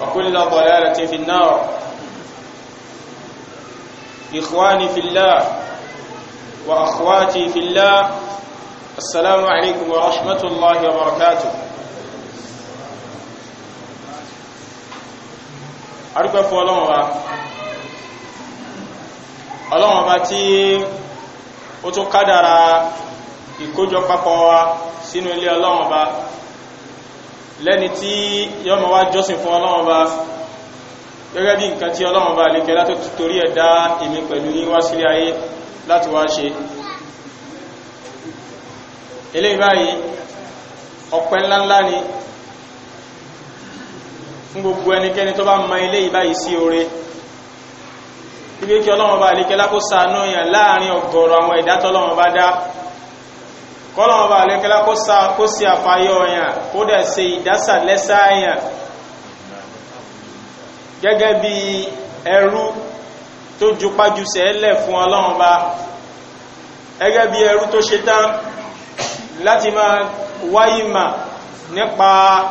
وكل ضلالة في النار إخواني في الله وأخواتي في الله السلام عليكم ورحمة الله وبركاته أرجو فولون ọlọ́run ọba tí ó tún kádàrà ìkójọ papọ̀ wa sínú ilé lẹ́ni tí yọ́ ma wá jọ́sìn fún ọlọ́run bá gẹ́gẹ́ bí nǹkan tí ọlọ́run bá lè kẹ́lá tó torí ẹ̀ dá èmi pẹ̀lú yín wá sílé ayé láti wá ṣe eléyìí báyìí ọpẹ́ ńláńlá ni fún gbogbo ẹnikẹ́ni tó bá mọ eléyìí báyìí sí oore ibi kí ọlọ́run bá lè kẹ́lá kó ṣàánú yàn láàrin ọ̀gọ̀rọ̀ àwọn ẹ̀dá tọ́lọ́run bá dá kọ́lọ̀wọ́ bá lẹ́kẹ́lá kó sí àfàyọ ọ̀yàn kó dẹ̀ ṣe ìdásà lẹ́sàáyàn gẹ́gẹ́ bí ẹrú tó jupájú sẹ́lẹ̀ fún ọlọ́run bá gẹ́gẹ́ bí ẹrú tó ṣe tán láti máa wáyìmà nípa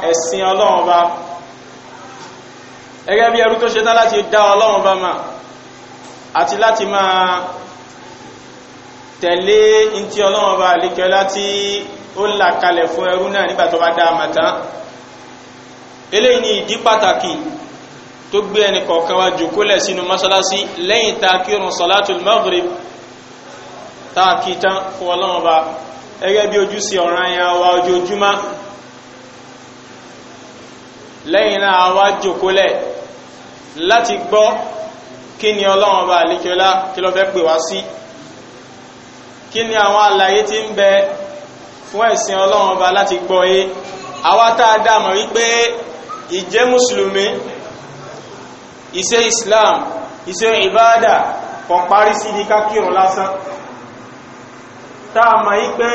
ẹ̀sìn ọlọ́run bá gẹ́gẹ́ bí ẹrú tó ṣe tán láti dá ọlọ́run bá mà àti láti máa tẹ̀lé ntí ọlọ́run ọba àlekẹ́lá tí ó là kalẹ̀ fún ẹrú náà nígbà tó bá dá àmà tán eléyìí ni ìdí pàtàkì tó gbé ẹnì kọ̀ọ̀kan wa jòkólẹ̀ sínú mọ́sálásí lẹ́yìn tá a kírun salatul maghrib tá a kí tán fún ọlọ́run ọba gẹ́gẹ́ bí ojúṣe ọ̀ranyàn wa ojoojúmọ́ lẹ́yìn náà àwa jòkólẹ̀ láti gbọ́ kí ni ọlọ́run ọba àlekẹ́lá kí ló fẹ́ pè wá sí. Si kí ni àwọn àlàyé tí ń bẹ fún ẹ̀sìn ọlọ́run ọba láti gbọ́ yé àwa tá wípé ìjẹ́ mùsùlùmí ìṣe islam ìṣe ìbáàdà kò parí sí ní kákírùn lásán tá a mọ̀ wípé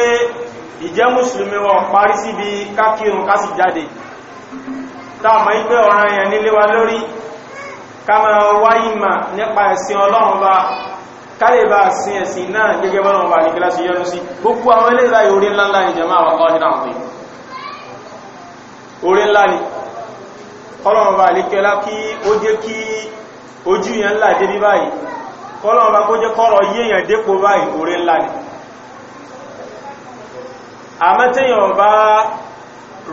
ìjẹ́ mùsùlùmí wọn parí sí bí kákírùn ká jáde tá a mọ̀ wípé nílé wa lórí ká máa wáyìí mà nípa ẹ̀sìn ọlọ́run ọba bá sin ẹ̀sìn náà gẹ́gẹ́ bọ́nà ọba àríkẹ́lá sí yọ́nú sí gbogbo àwọn ilé ìlà orí ńlá ńlá ni jẹma àwọn ọ̀hìn àwọn ọ̀hìn orí ńlá ni kọ́lọ̀n ọba àríkẹ́lá kí ó jẹ́ kí ojú yẹn ńlá dé bí báyìí kọ́lọ̀n ọba kó jẹ́ kọ́rọ̀ yéèyàn dépò báyìí orí ńlá ni àmọ́ téèyàn bá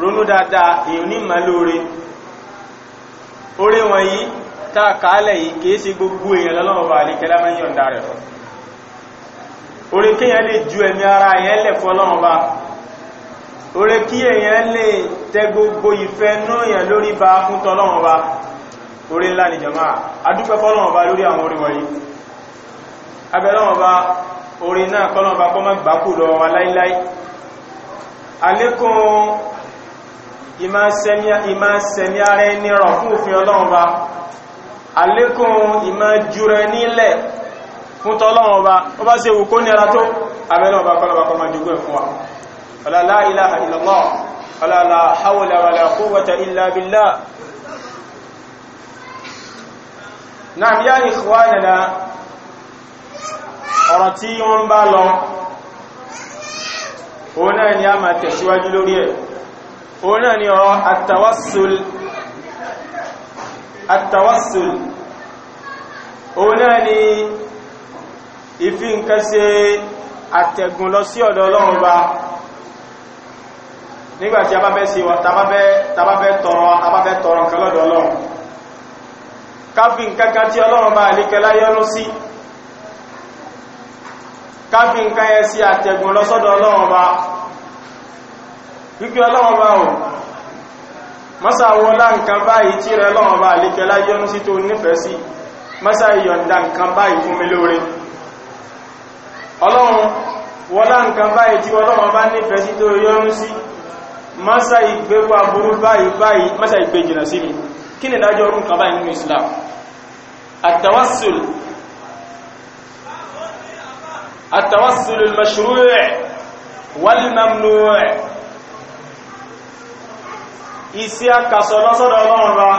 ronú dáadáa èèyàn ní ìmọ̀ lóore orí wọn gbogbo èèyàn lọ́lọ́wọ́ àríkẹ́lá máa ń yọ̀ǹda orí kíyàn lè ju ẹ̀mí ara yẹn lẹ̀ fọ́lọ́run ọba orí kíyàn lè tẹ gbogbo ìfẹ́ náà lórí ba fún tọ́lọ́run ọba orí ńlá ni jàmá adúpẹ́ fọ́lọ́run ọba lórí àwọn orí wọ̀nyí abẹ́lọ́run ọba orí náà kọ́lọ́run ọba kọ́ má gbákù lọ wa fún tọ́lọ́wọ́ ọba ó bá ṣe wù kó nira tó abẹ́lẹ́ ọba kọ́lọ́ba kọ́ máa jùgbọ́ ẹ̀fún wa ọlá la ilaha illallah ọlá la hawla wala quwwata illa billah náà yá ikhwanana ọ̀rọ̀ tí wọ́n bá lọ òun òun náà ni ìfi nǹkan ṣe àtẹ̀gùn lọ sí ọ̀dọ̀ ọlọ́run bá nígbàtí a bá fẹ́ ṣe ta bá fẹ́ tọrọ a bá fẹ́ tọrọ nǹkan lọ́dọ̀ ọlọ́run ká fi nǹkan kan tí ọlọ́run bá àlékẹ́ láyọ́nú sí ká fi nǹkan yẹn sí àtẹ̀gùn lọ sọ́dọ̀ ọlọ́run bá wípé ọlọ́run bá ò mọ́sá wọlá nǹkan báyìí tí rẹ̀ ọlọ́run bá àlékẹ́ láyọ́nú sí tó nífẹ̀ẹ́ sí mọ́sá ìyọ̀ǹda nǹkan báyìí fún mi lóore ọlọ́run wọ́lá nǹkan báyìí tí ọlọ́run bá nífẹ̀ẹ́ sí tó yọ́nú sí mọ́sá ìgbérú aburú báyìí báyìí mọ́sá ìgbé jìnà sí mi kí ni dájọ́ orú nǹkan báyìí nínú Islam àtàwásùl àtàwásùl al-mashru' wal-mamnu' iṣẹ́ akasọ lọ́sọ́dọ̀ ọlọ́run bá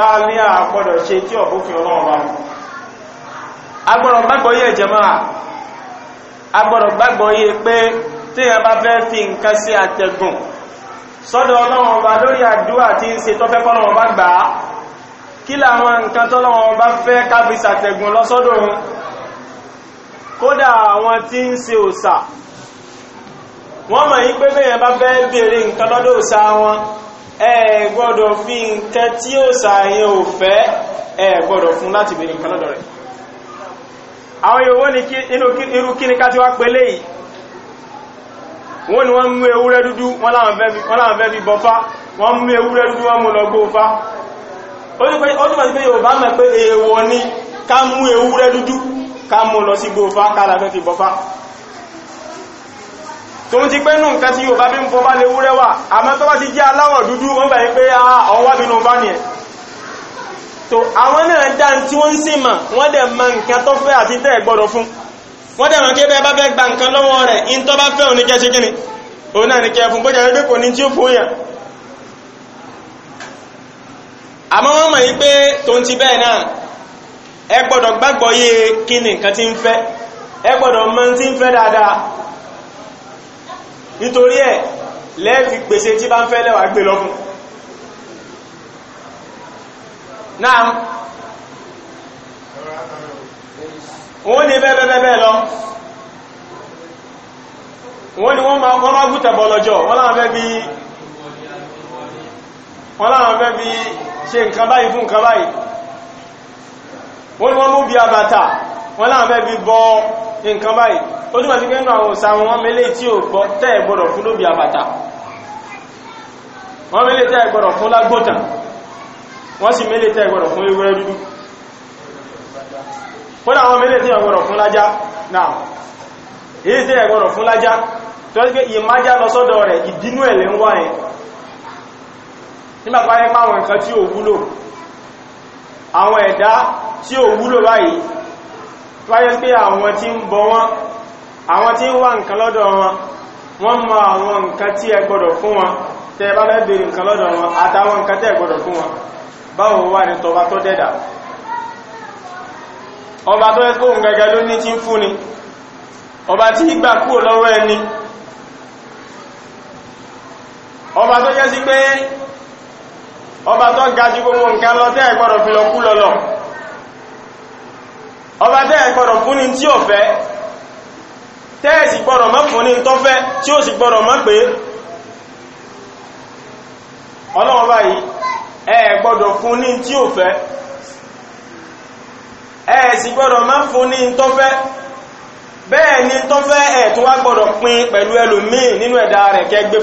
táà ní àpọ̀dọ̀ ṣe tí ọ̀bùnfin ọlọ́run bá mú agbọ́dọ̀ gbàgbọ́ yẹ jàmáà agbọ́dọ̀ gbàgbọ́ yẹ pé tí ẹ bá fẹ́ fi nǹkan sí àtẹ̀gùn sọ́dọ̀ ọlọ́run ọba lórí àdúrà tí ń ṣe tọ́fẹ́ kọ́lọ́run ọba gbà á kí làwọn nǹkan tọ́lọ́run ọba fẹ́ kábi ṣàtẹ̀gùn lọ́sọ́dọ̀ òun kódà àwọn tí ń ṣe òòṣà wọ́n mọ̀ yí pé bẹ́ẹ̀ bá fẹ́ béèrè nǹkan lọ́dọ̀ òòṣà wọn ẹ gbọ́dọ̀ fi nǹkan tí ó sàáyẹ ò fẹ́ ẹ gbọ́dọ̀ fún láti bèèrè nǹkan lọ́dọ̀ rẹ̀ àwọn yòówó ní irú kí ní ká tí wá pé léyìí wọ́n ni wọ́n mú ewúrẹ́ dúdú wọ́n láwọn fẹ́ fi bọ́fá wọ́n mú ewúrẹ́ dúdú wọ́n mú lọ gbófá ó túnmọ̀ sí pé Yorùbá mẹ́ pé èèwọ̀ ni ká mú ewúrẹ́ dúdú ká mú lọ sí gbófá tó ń ti pẹ́ nù nǹkan tí bí ń fọ́ lè wúrẹ́ wà àmọ́ ti jẹ́ aláwọ̀ dúdú wọ́n gbà pé ah, àwọn bínú bá nìyẹn tó àwọn náà dá tí wọ́n sì wọ́n dẹ̀ mọ nǹkan tó fẹ́ àti tẹ́ gbọ́dọ̀ fún wọ́n dẹ̀ mọ̀ kí bẹ́ẹ̀ bá fẹ́ gba nǹkan lọ́wọ́ rẹ̀ bá fẹ́ òní òun náà ní kẹ́ fún nítorí ẹ̀ lẹ́ẹ̀fì gbèsè tí bá ń fẹ́ lẹ́wà gbé lọ́fún náà wọ́n ni bẹ́ẹ̀bẹ́ẹ̀bẹ́ẹ̀ lọ wọ́n ni wọ́n máa gútẹ̀bọ̀ lọ́jọ́ wọ́n láwọn fẹ́ bí wọ́n láwọn fẹ́ bí ṣe nǹkan báyìí fún nǹkan báyìí wọ́n ni wọ́n mú bí abàtà wọ́n láwọn fẹ́ bí bọ́ nǹkan báyìí onímọ̀ sí pẹ́nu àwọn òsà wọn mẹ́lẹ̀ tí ó gbọ́ tẹ́ẹ̀ gbọ́dọ̀ fún lóbi àbàtà wọ́n mẹ́lẹ̀ tẹ́ẹ̀ gbọ́dọ̀ fún lágbótà wọ́n sì mẹ́lẹ̀ tẹ́ẹ̀ gbọ́dọ̀ fún ewúrẹ́ dúdú kódà wọ́n mẹ́lẹ̀ tẹ́ẹ̀ gbọ́dọ̀ fún lájá náà èyí tẹ́ẹ̀ gbọ́dọ̀ fún lájá tó ẹ́ pé ìmájá lọ sọ́dọ̀ rẹ̀ ìdínú ẹ̀lẹ́ ń wá yẹn nígbà pa àwọn tí ń wá nǹkan lọ́dọ̀ wọn wọ́n mọ àwọn nǹkan tí ẹ gbọ́dọ̀ fún wọn tẹ bá fẹ́ nǹkan lọ́dọ̀ wọn àtàwọn nǹkan tẹ́ gbọ́dọ̀ fún wọn báwo wà ní tọba tó dẹ́dà ọba tó ẹ́ ló ọba tí gbà kúrò lọ́wọ́ ẹni ọba tó jẹ́ sí pé ọba tó ga gbogbo nǹkan lọ tẹ́ gbọ́dọ̀ fi lọ kú ọba tẹ́ gbọ́dọ̀ fún ni tí tẹ́ẹ̀sì gbọ́dọ̀ má fún ní tọ́fẹ́ tí ó sì gbọ́dọ̀ mọ́ pé ọlọ́wọ́ báyìí ẹ fún ní tí ó fẹ́ ẹ sì gbọ́dọ̀ fún ní tọ́fẹ́ bẹ́ẹ̀ ni tọ́fẹ́ ẹ̀ tó wá gbọ́dọ̀ pín pẹ̀lú ẹlòmíì nínú ẹ̀dá rẹ̀ kẹgbé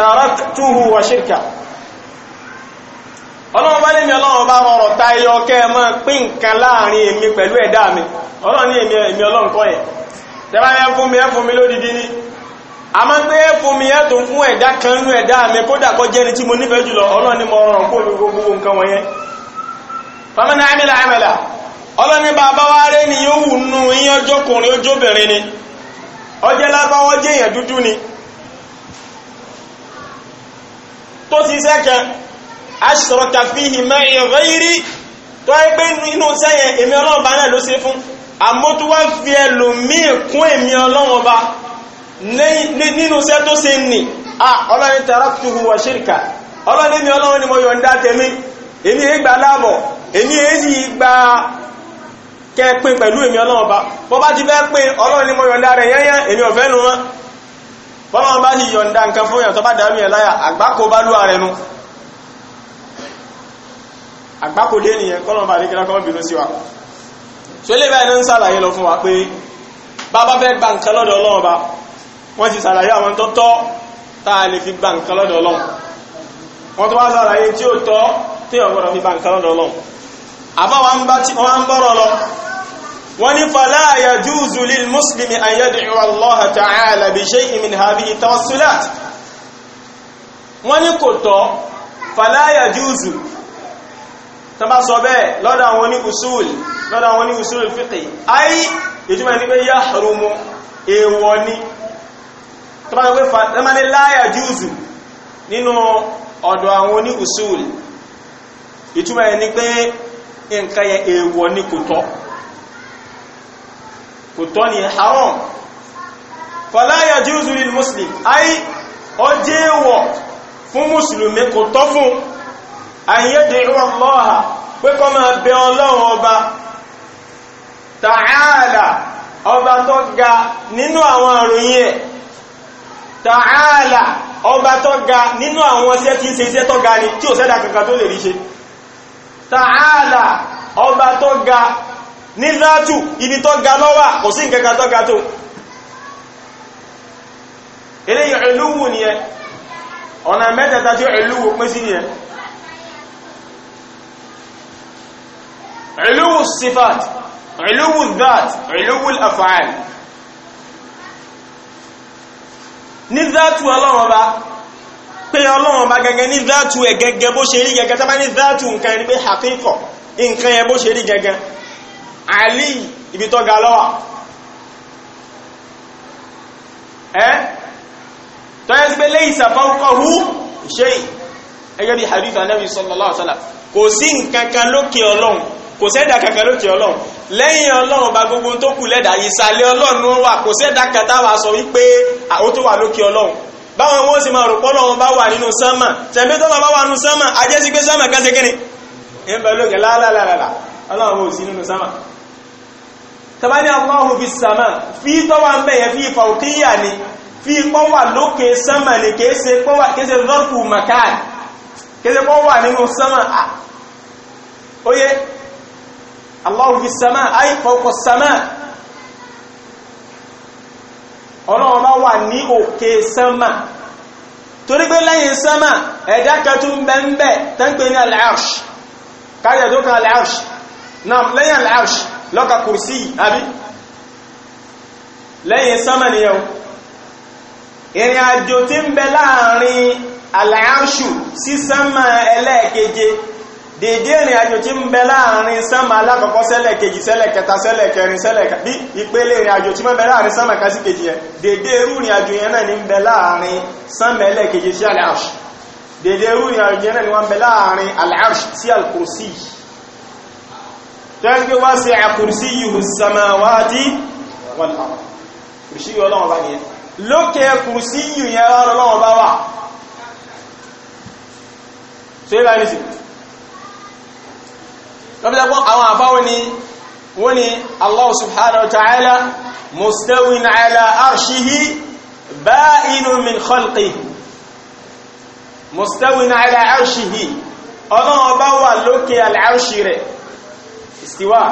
taraktuhu wa shirka ọlọ́run bá lèmi ọlọ́run bá rọrọ̀ tayọ kẹ́ mọ́ pín nǹkan láàrin èmi pẹ̀lú ẹ̀dá mi ọlọ́run ní èmi ọlọ́run kọ́ yẹn tẹ́bá yẹn fún mi ẹ mi lódìdí ní a máa ń pé ẹ mi ẹ fún ẹ̀dá kan nú ẹ̀dá mi kódà kọ́ jẹ́ni tí mo nífẹ̀ẹ́ jùlọ ọlọ́run mo rọrùn kó tó ti iṣẹ́ kan aṣọ́rọ̀kà fi ìmọ̀ ìrọ̀ ìrí tó ẹ pé inú sẹ́yẹn èmi ọlọ́run ọba náà ló ṣe fún àmọ́ tó wá fi ẹlòmíì kún èmi ọlọ́run nínú iṣẹ́ tó ṣe nì ọlọ́run taraktuhu wa shirka ọlọ́run èmi ni mo yọ̀ǹda tẹ̀mí èmi èé gbà láàbọ̀ èmi èé sì gba kẹ́ pín pẹ̀lú èmi ọlọ́run ọba ti fẹ́ pín ọlọ́run ni mo yọ̀ǹda rẹ̀ yẹ́yẹ́ èmi ọ̀fẹ́ nu wọn bọ́lọ́wọ́n bá ní yọ̀ǹda nǹkan fún ìyàtọ̀ bá dárí ẹ̀ láyà àgbákò bá lúwà rẹ̀ nú àgbákò dé nìyẹn kọ́lọ̀n bá rí wa tí ó lè ń sàlàyé lọ fún wa pé bàbá fẹ́ gba nǹkan lọ́dọ̀ ọlọ́run wọ́n ti sàlàyé àwọn tó tọ́ tá a lè fi nǹkan wani fala yajuzu lil muslimi an yad'u Allah ta'ala bi shay'in min hadhihi tawassulat wani kò tọ́ fala yajuzu tan bá sọ bẹ́ẹ̀ lọ́dọ̀ àwọn ni usul lọ́dọ̀ àwọn ni usul fiqh ai ìtumọ̀ ni pé yahrumu èèwọ̀ ni tó bá sọ fa man la yajuzu nínú ọ̀dọ̀ àwọn ni usul ìtumọ̀ ni pé nǹkan yẹn èèwọ̀ ni kò tọ́ kò tọ́ ni haram fala yajuzu lil muslim ayé ọjẹ́ wọ̀ fún mùsùlùmí kò tọ́ fún àyẹ́dẹ̀ Allah pé kọ́ máa bẹ ọlọ́run ọba ta'ala ọba tó ga nínú àwọn àròyìn ẹ̀ ta'ala ọba tó ga nínú àwọn iṣẹ́ tí ń ṣe iṣẹ́ tó ga ni tí ò sẹ́dà kankan tó lè rí ṣe ta'ala ọba tó ga ní látù ibi tó ga lọ́wà kò sí nǹkan tó ga tó eléyìí ìlúwù ni ẹ ọ̀nà mẹ́tẹ̀ta tí ìlúwù pín sí ni ẹ ìlúwù sifat ìlúwù dhat ìlúwù af'al ní dátù ọlọ́wọ́n pé ọlọ́wọ́n gẹ́gẹ́ ní dátù ẹ̀ bó ṣe rí gẹ́gẹ́ tábá ní dátù nǹkan ẹni pé haqiqa nǹkan ẹ bó ṣe rí gẹ́gẹ́ ali ibi tó ga lọ́wà ẹ́ tó yẹ́ sí pé lẹ́yìn sàfọ́kọ̀hú ṣe ẹgẹ́ bí hadith anábi sallallahu kò sí nkankan lókè ọlọ́run kò sẹ́dà kankan lókè ọlọ́run lẹ́yìn ọlọ́run bá gbogbo tó kù lẹ́dà ìsàlẹ̀ ọlọ́run wà kò sẹ́dà kẹta wà sọ wípé ó tó wà lókè ọlọ́run báwọn wọ́n sì máa bá wà nínú sánmà tẹ̀mí tó bá wà nínú sánmà tọba ní Allahu fi sàmà fi tọ́wà ń bẹ̀yẹ fi fàukíyà ni fi pọ́wà lókè sánmà ni kéèsè pọ́wà kéèsè rọ́pù makan kéèsè pọ́wà nínú sánmà oye Allahu fi sàmà ay fọ́kọ̀ sàmà ọlọ́wọ́ bá wà ní òkè sánmà torí pé lẹ́yìn sánmà ẹ̀dá kẹtù ń bẹ́ ní al lọ́ka kùrsí àbí lẹ́yìn sánmà ni yẹn ìrìn àjò tí ń bẹ láàrin àlàáṣù sí sánmà ẹlẹ́ẹ̀keje dèdé ìrìn àjò tí ń bẹ láàrin sánmà alákọ̀ọ́kọ́ sẹ́lẹ̀kejì sẹ́lẹ̀kẹta sẹ́lẹ̀kẹrin sẹ́lẹ̀kẹta bí ìpele ìrìn àjò tí ń bẹ láàrin sánmà kásíkejì yẹn dèdé irú ìrìn àjò yẹn náà ní ń bẹ láàrin sánmà ẹlẹ́ẹ̀keje sí àlàáṣù dèdè irú ìrìn àjò yẹn náà ní wọ́n bẹ láàrin àlàáṣù sí àlùkùrsí yìí tẹ́gbé wá sí àkùrsí yìí samawati wal ard kùrsí yìí ọlọ́wọ́ bá nìyẹn lókè kùrsí yìí yẹn ọlọ́wọ́ bá wà ṣe bá ní sí lọ́pẹ́lẹ́pọ́ àwọn àfáwọn ni wọ́n ni Allah subhanahu wa ta'ala mustawin arshihi ba'inun min khalqihi mustawin ala arshihi ọlọ́wọ́ bá wà lókè al rẹ̀ istiwa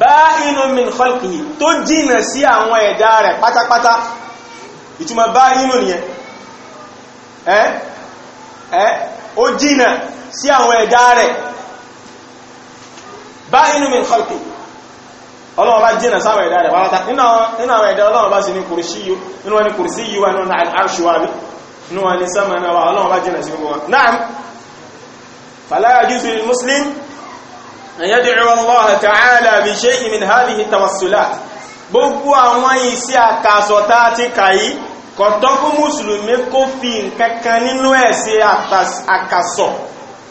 bá inú min khalqihi tó jìnà sí àwọn ẹ̀dá rẹ̀ pátápátá ìtumọ̀ bá inú nìyẹn ẹ́ ẹ́ ó jìnà sí àwọn ẹ̀dá rẹ̀ bá inú min khalqihi ọlọ́wọ́ bá jìnà sáwọn ẹ̀dá rẹ̀ wáratá nínú àwọn ẹ̀dá ọlọ́wọ́ bá sí ní kùrìsíyù inú wọn ni kùrìsíyù wà nínú àṣíwá bí inú wọn ni sámanà wà ọlọ́wọ́ bá jìnà sí gbogbo wọn náà fàláyà jùsù muslim an yad'u Allah ta'ala bi shay'in min hadhihi tawassulat gbogbo àwọn iṣẹ́ àkàsọ̀tá ti kàyí kọ̀tọ́ fún mùsùlùmí kó fi nǹkan kan nínú ẹ̀ sí àkàsọ̀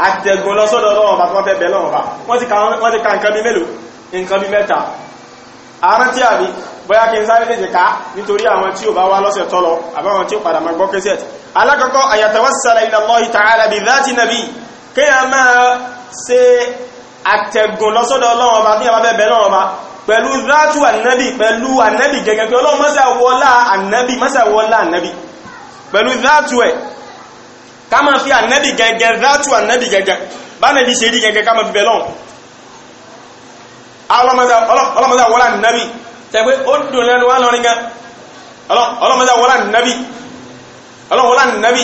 àtẹ̀gùn lọ́sọ́dọ̀ lọ́wọ́ba tó fẹ́ bẹ̀ lọ́wọ́ba wọ́n ti ka nǹkan bí mélòó nǹkan bí mẹ́ta àárín tí àbí bóyá kí n sáré lè ká nítorí àwọn tí ò bá wá lọ́sẹ̀ tọ́lọ àbáwọn tí ó padà máa gbọ́ kẹsẹ̀t alákọ̀ọ́kọ́ ayatawassala ila Allah ta'ala bi dhati nabi kéèyàn máa àtẹ̀gùn lọ́sọ́dọ̀ ọlọ́run ọba tí a bá bẹ̀bẹ̀ lọ́run ọba pẹ̀lú rátù ànábì pẹ̀lú ànábì gẹ́gẹ́ pé ọlọ́run mọ́sà wọlá ànábì mọ́sà wọlá ànábì pẹ̀lú rátù ẹ̀ ká máa fi ànábì gẹ́gẹ́ rátù ànábì gẹ́gẹ́ bá nàbí ṣe rí gẹ́gẹ́ ká máa fi bẹ̀ lọ́run ọlọ́mọdé wọlá ànábì tẹ̀gbé wọlá ànábì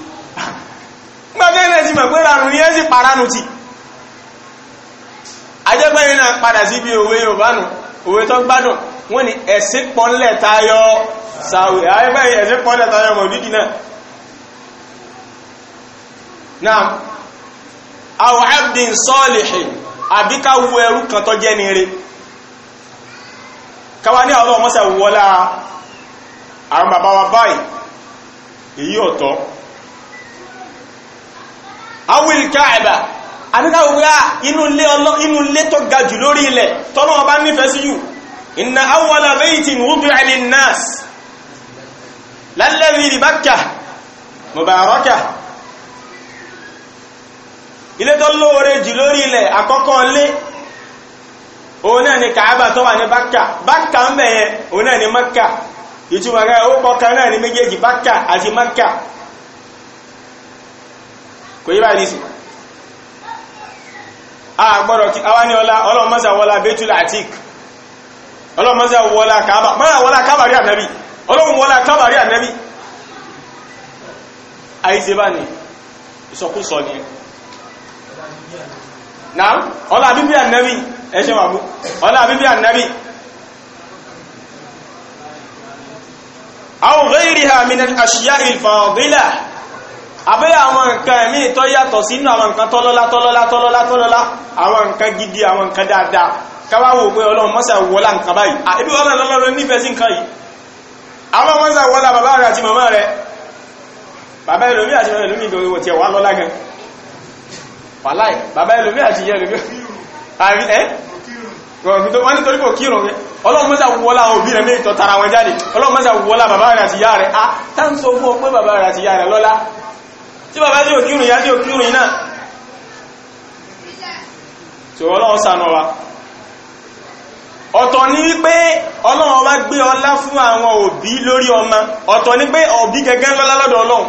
gbẹ́gbẹ́ ilẹ̀ ti mọ̀ pé ranù ní ẹ́ sì paranù ti ajẹ́gbẹ́rin náà padà sí ibi òwe yorùbánu òwe tó gbádùn wọ́n ni ẹ̀sìn pọ́nlẹ̀ tayọ sàwẹ̀ àwọn bàbá wa awil káàbà àbíkáwò pé ah, inú ilé tó ga jù lórí ilẹ̀ tọ́nà ọba nífẹ̀ẹ́ sí yù inna awwala baytin wudi'a linnas lalladhi bi Bakkah mubarakah ilé tó lóore jù lórí ilẹ̀ àkọ́kọ́ lé òun náà ni kàábà tó wà ní Bakkah Bakkah kò yí báyìí a àgbọ́rọ̀ kí awá ní ọlá ọlọ́mọ́sà wọlá Baitul Atiq ọlọ́mọ́sà wọlá Kaaba mọ́nà wọlá Kaaba rí ànábì ọlọ́run wọlá Kaaba rí ànábì àìsè bá ìsọkúsọ ni na ọlá bíbí ànábì ẹṣẹ́ wà mú ọlá bíbí ànábì aw ghayriha àbẹ́ àwọn nǹkan ẹ̀mí tó yàtọ̀ sínú àwọn nǹkan tọ́lọ́lá tọ́lọ́lá tọ́lọ́lá tọ́lọ́lá àwọn nǹkan gidi àwọn nǹkan dáadáa káwá wò pé ọlọ́run mọ́sà wọlá nǹkan báyìí àbí ọlọ́run lọ́lọ́run nífẹ̀ẹ́ sí nǹkan yìí àwọn mọ́sà wọlá bàbá rẹ̀ àti màmá rẹ̀ bàbá ẹlòmí àti màmá ẹlòmí ìdòwò tiẹ̀ wà lọ́lá gan wàláì bàbá ẹlòmí àti ìyá ẹlòmí àbí ẹ́ wọ́n ní torí kò kírun rẹ̀ ọlọ́run mọ́sà wọlá òbí rẹ̀ méjì tọ́ tara wọn jáde ọlọ́run mọ́sà wọlá bàbá rẹ̀ àti ìyá rẹ̀ á tá ń fún ọ bàbá rẹ̀ àti ìyá rẹ̀ lọ́lá tí bàbá tí ò kírun ìyá tí ò kírun iná tí ọlọ́run ṣàánú wa ọ̀tọ̀ ní wípé ọlọ́run ọba gbé ọlá fún àwọn òbí lórí ọmọ ọ̀tọ̀ ní pé òbí gẹ́gẹ́ lọ́lá lọ́dọ̀ ọlọ́run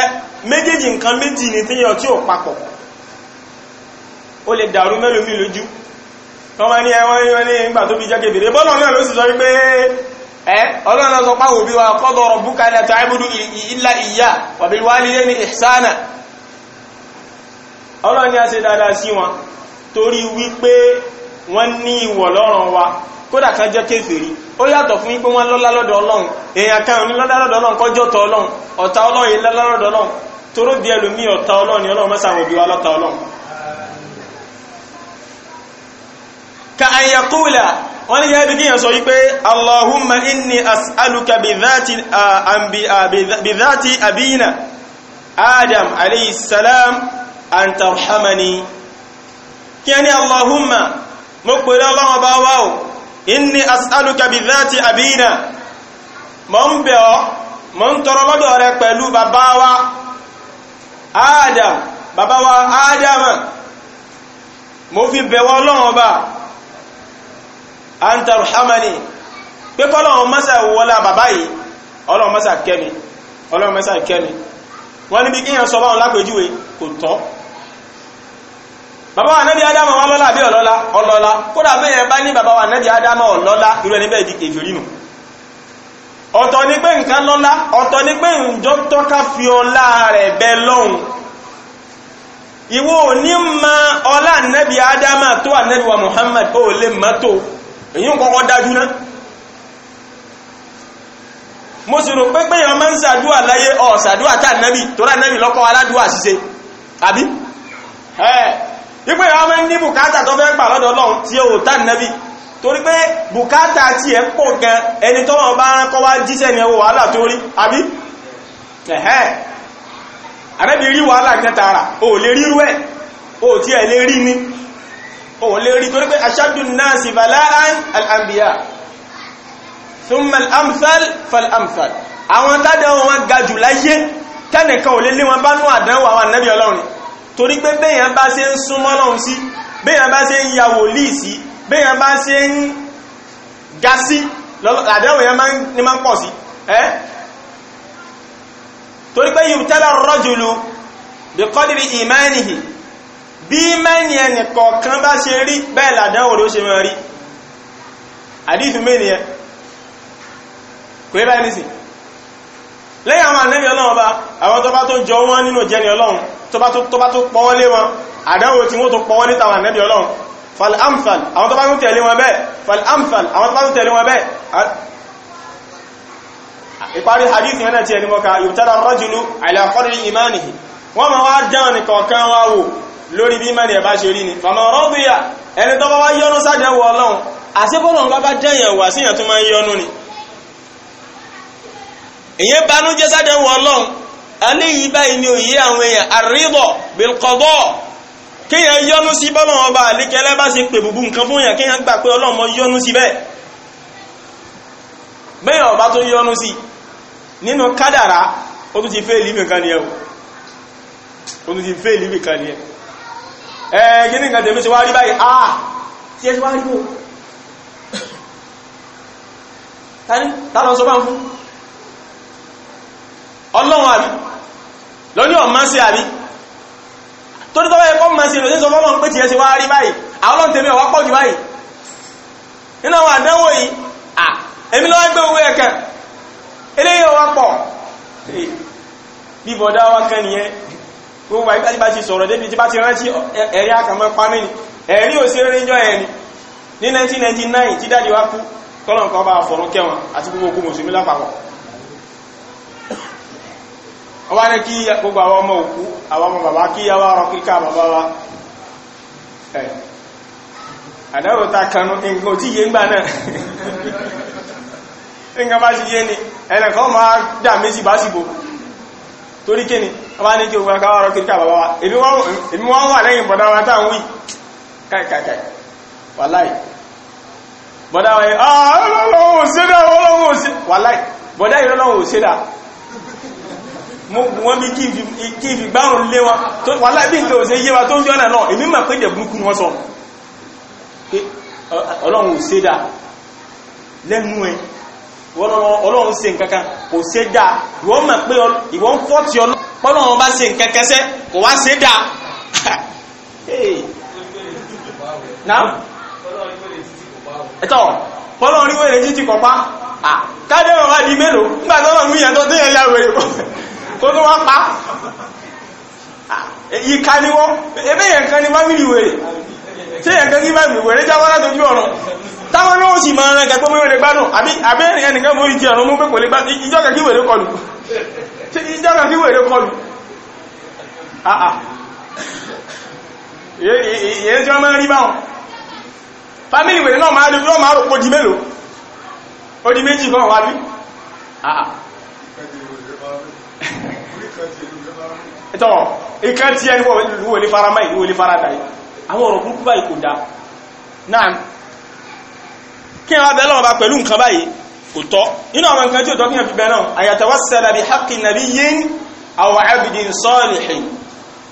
ẹ méjèèjì nǹkan méjì ní tí yọ tí ò papọ̀ ó lè dàrú mẹ́lòmí lójú tọ́mọ ní ẹwọ́n ní ìgbà tó bí jẹ́ kébèrè bọ́lọ̀ náà ló sì sọ wípé Eh, ọlọ́run sọ pàwọ̀ bí wa qada rabbuka la ta'budu illa iyyah wa bil walidayni ihsana ọlọ́run ni a ṣe dáadáa sí wọn torí wípé wọ́n ní ìwọ̀ lọ́rùn wa kódà kan jẹ́ kéfèrí ó yàtọ̀ fún wípé wọ́n lọ́lá ka wọ́n ní gẹ́gẹ́ bí kíyàn sọ wípé allahumma inni as'aluka bi dhati abina adam alayhi salam an tarhamani kíyàn ní allahumma mo pèrè ọlọ́wọ́ bá wá o inni as'aluka bi dhati abina mọ́ ń bẹ̀ ọ́ mọ́ ń tọrọ lọ́dọ̀ rẹ pẹ̀lú bàbá adam bàbá adam mo fi bẹ̀wọ́ ọlọ́wọ́ bá anta arhamani pé kọ́lọ̀wọ́n mọ́sà wọlá bàbá yìí ọlọ́wọ́n mọ́sà kẹ́mi ọlọ́wọ́n mọ́sà kẹ́mi wọ́n sọ kò tọ́ bàbá nẹ́bí adama wọn lọ́lá àbí ọlọ́lá ọlọ́lá kódà bẹ́ẹ̀ yẹn bá ní bàbá nẹ́bí adama ọlọ́lá irú ẹni bẹ́ẹ̀ di ọ̀tọ̀ ni pé nǹkan lọ́lá ọ̀tọ̀ ni pé tọ́ka fi ọlá rẹ̀ bẹ lọ́hùn ìwọ ò ní ma ọlá nẹ́bí adama tó wa Muhammad ó lè èyí ń kọ́kọ́ dájú náà mo sì rò pé péyàn máa ń sàdúà láyé ọ̀ sàdúà tá nẹ́bì tó rà nẹ́bì lọ́kọ́ aládùà ṣiṣe àbí ẹ̀ ipé ìwọ́n máa ń ní bùkátà tó fẹ́ gbà lọ́dọ̀ Ọlọ́run tí ó tá nẹ́bì torí pé bùkátà tí ẹ pọ̀ gan ẹni tọ́wọ́ bá rán kọ́ wá jíṣẹ́ ni ẹwọ wàhálà tó rí àbí ẹ̀hẹ́ àrẹ́bì rí wàhálà kẹtàrà ò lè rírú ẹ̀ ò tí ẹ lè rí ni o lè rí torí pé ashaddu nasi bala'an al-anbiya thumma al-amthal fal-amthal àwọn tádà wọn ga jù láyé kẹ́nìkan ò lè lé wọn bá nú àdánwò àwọn ànábì ọlọ́run torí pé béèyàn bá ṣe ń súnmọ́ lọ́run sí béèyàn bá ṣe ń ya wòlíì sí béèyàn bá ṣe ń ga sí àdánwò yẹn ni ń pọ̀ sí bí mẹ́ni ẹnì kọ̀ọ̀kan bá ṣe rí bẹ́ẹ̀ làdánwò ló ṣe mọ́ rí àdífì mẹ́ni ẹ kò é báyìí nìsìn lẹ́yìn àwọn ànẹ́bí ọlọ́run bá àwọn tó bá tó jọ wọ́n nínú jẹ́ni ọlọ́run tó bá tó pọ́wọ́lé wọn àdánwò tí wọ́n tó pọ́wọ́lé tàwọn ànẹ́bí ọlọ́run falamfal àwọn tó bá tún tẹ̀lé wọn lórí bí mẹ́rin ẹ̀bá ṣe rí ni fàmọ́ rọ́bìyà ẹni tó bá wá yọnu sádẹ̀wò ọlọ́run àṣẹ́bọ́lọ̀ bá bá dẹ̀yàn wà síyàn tó máa ń yọnu ni ìyẹn banújẹ́ sádẹ̀wò ọlọ́run eléyìí báyìí ni òye àwọn èèyàn àríbọ̀ bilkọ̀bọ̀ kéèyàn yọnu sí bọ́lọ̀ ọba àlékẹ́lẹ́ bá ṣe pè bùbù nǹkan fún yàn kéèyàn gbà pé ọlọ́run mọ yọnu sí bẹ́ẹ̀ ni ẹ̀ ó tún ti ni ẹ̀ gíní nǹkan tèmi ti wá rí báyìí àà tí ẹ ti wá rí bó tani tààlọ́ sọ bá ń fún ọlọ́run àbí lọ ní ọmọ sí àbí tó ní tọ́wọ́ ẹ̀kọ́ mọ́ sí ìrọ̀sí sọ fọ́mọ́ pé tí ẹ ti wá rí báyìí àwọn ọlọ́run tèmi ọwá pọ̀ gbogbo àyíká tí bá ti sọ̀rọ̀ débi tí bá ti rántí ẹ̀rí àkàmọ́ pamí ni ẹ̀rí ò sí ríjọ ẹ̀ni ní 1999 tí dáàdì wá kú tọ́lọ̀ nǹkan bá fọ̀rún kẹwọn àti gbogbo wa nǹkan bá ti yé ni ẹnìkan máa dà méjì bá sì bò ọba ní kí ogun akáwà rọ kíkà bàbá wa èmi wọ́n wà lẹ́yìn bọ̀dá wa táwọn wí káìkàkà wàláì bọ̀dá wa yìí ah, ọlọ́run òṣèdá ọlọ́run òṣèdá wàláì bọ̀dá yìí ọlọ́run òṣèdá wọ́n bí kí n fi gbárùn lé wa wàláì bí nǹkan òṣè yé wa tó ń jọ́nà náà èmi mà pé jẹ̀ burúkú ni wọ́n sọ ọlọ́run òṣèdá lẹ́nu ẹ̀ ọlọ́run ṣe nǹkan kan òṣèdá ìwọ́n mà pé ìwọ́n fọ́ ti ọlọ́run bọ́lọ̀ wọn bá ṣe nǹkan kẹsẹ́ kò wá ṣe dà ẹ̀tọ́ bọ́lọ̀ rí wèrè títí kọ̀pá kájẹ́ wọn wá di mélòó nígbà tọ́lọ̀ mú ìyàtọ̀ tó yẹ ya wèrè kó tó wá pa ìka ni wọ́n ebe yẹn kan ni wá mìírì wèrè tí yẹn kan ní bá mìírì wèrè jáwọ́ látọjú ọ̀run táwọn náà sì máa rẹ̀ kẹ́kọ́ mú wèrè gbádùn àbí ẹnìkan mú ìjì ọ̀run mú pé kò gbádùn ìjọ́ kẹ́kí wèrè kọlù tí ìdára ní wèrè kọlù àà ah, ah. ìyẹn tí wọ́n máa rí báwọn fámílì wèrè náà máa rí wọ́n máa rò pòdì mélòó ó di méjì kan wá bí àà ẹ̀tọ́ ìkan tí ẹni wọ́n lè fara máa ìwò lè fara dáyé àwọn ọ̀rọ̀ burúkú báyìí kò dá náà kí wọ́n bẹ̀rẹ̀ lọ́wọ́ bá pẹ̀lú nǹkan báyìí kò tọ́ nínú àwọn nǹkan tí ò tọ́ kí yẹn fi bẹ̀ náà àyàtawassala bi haqqi nabiyyin aw abdin salihin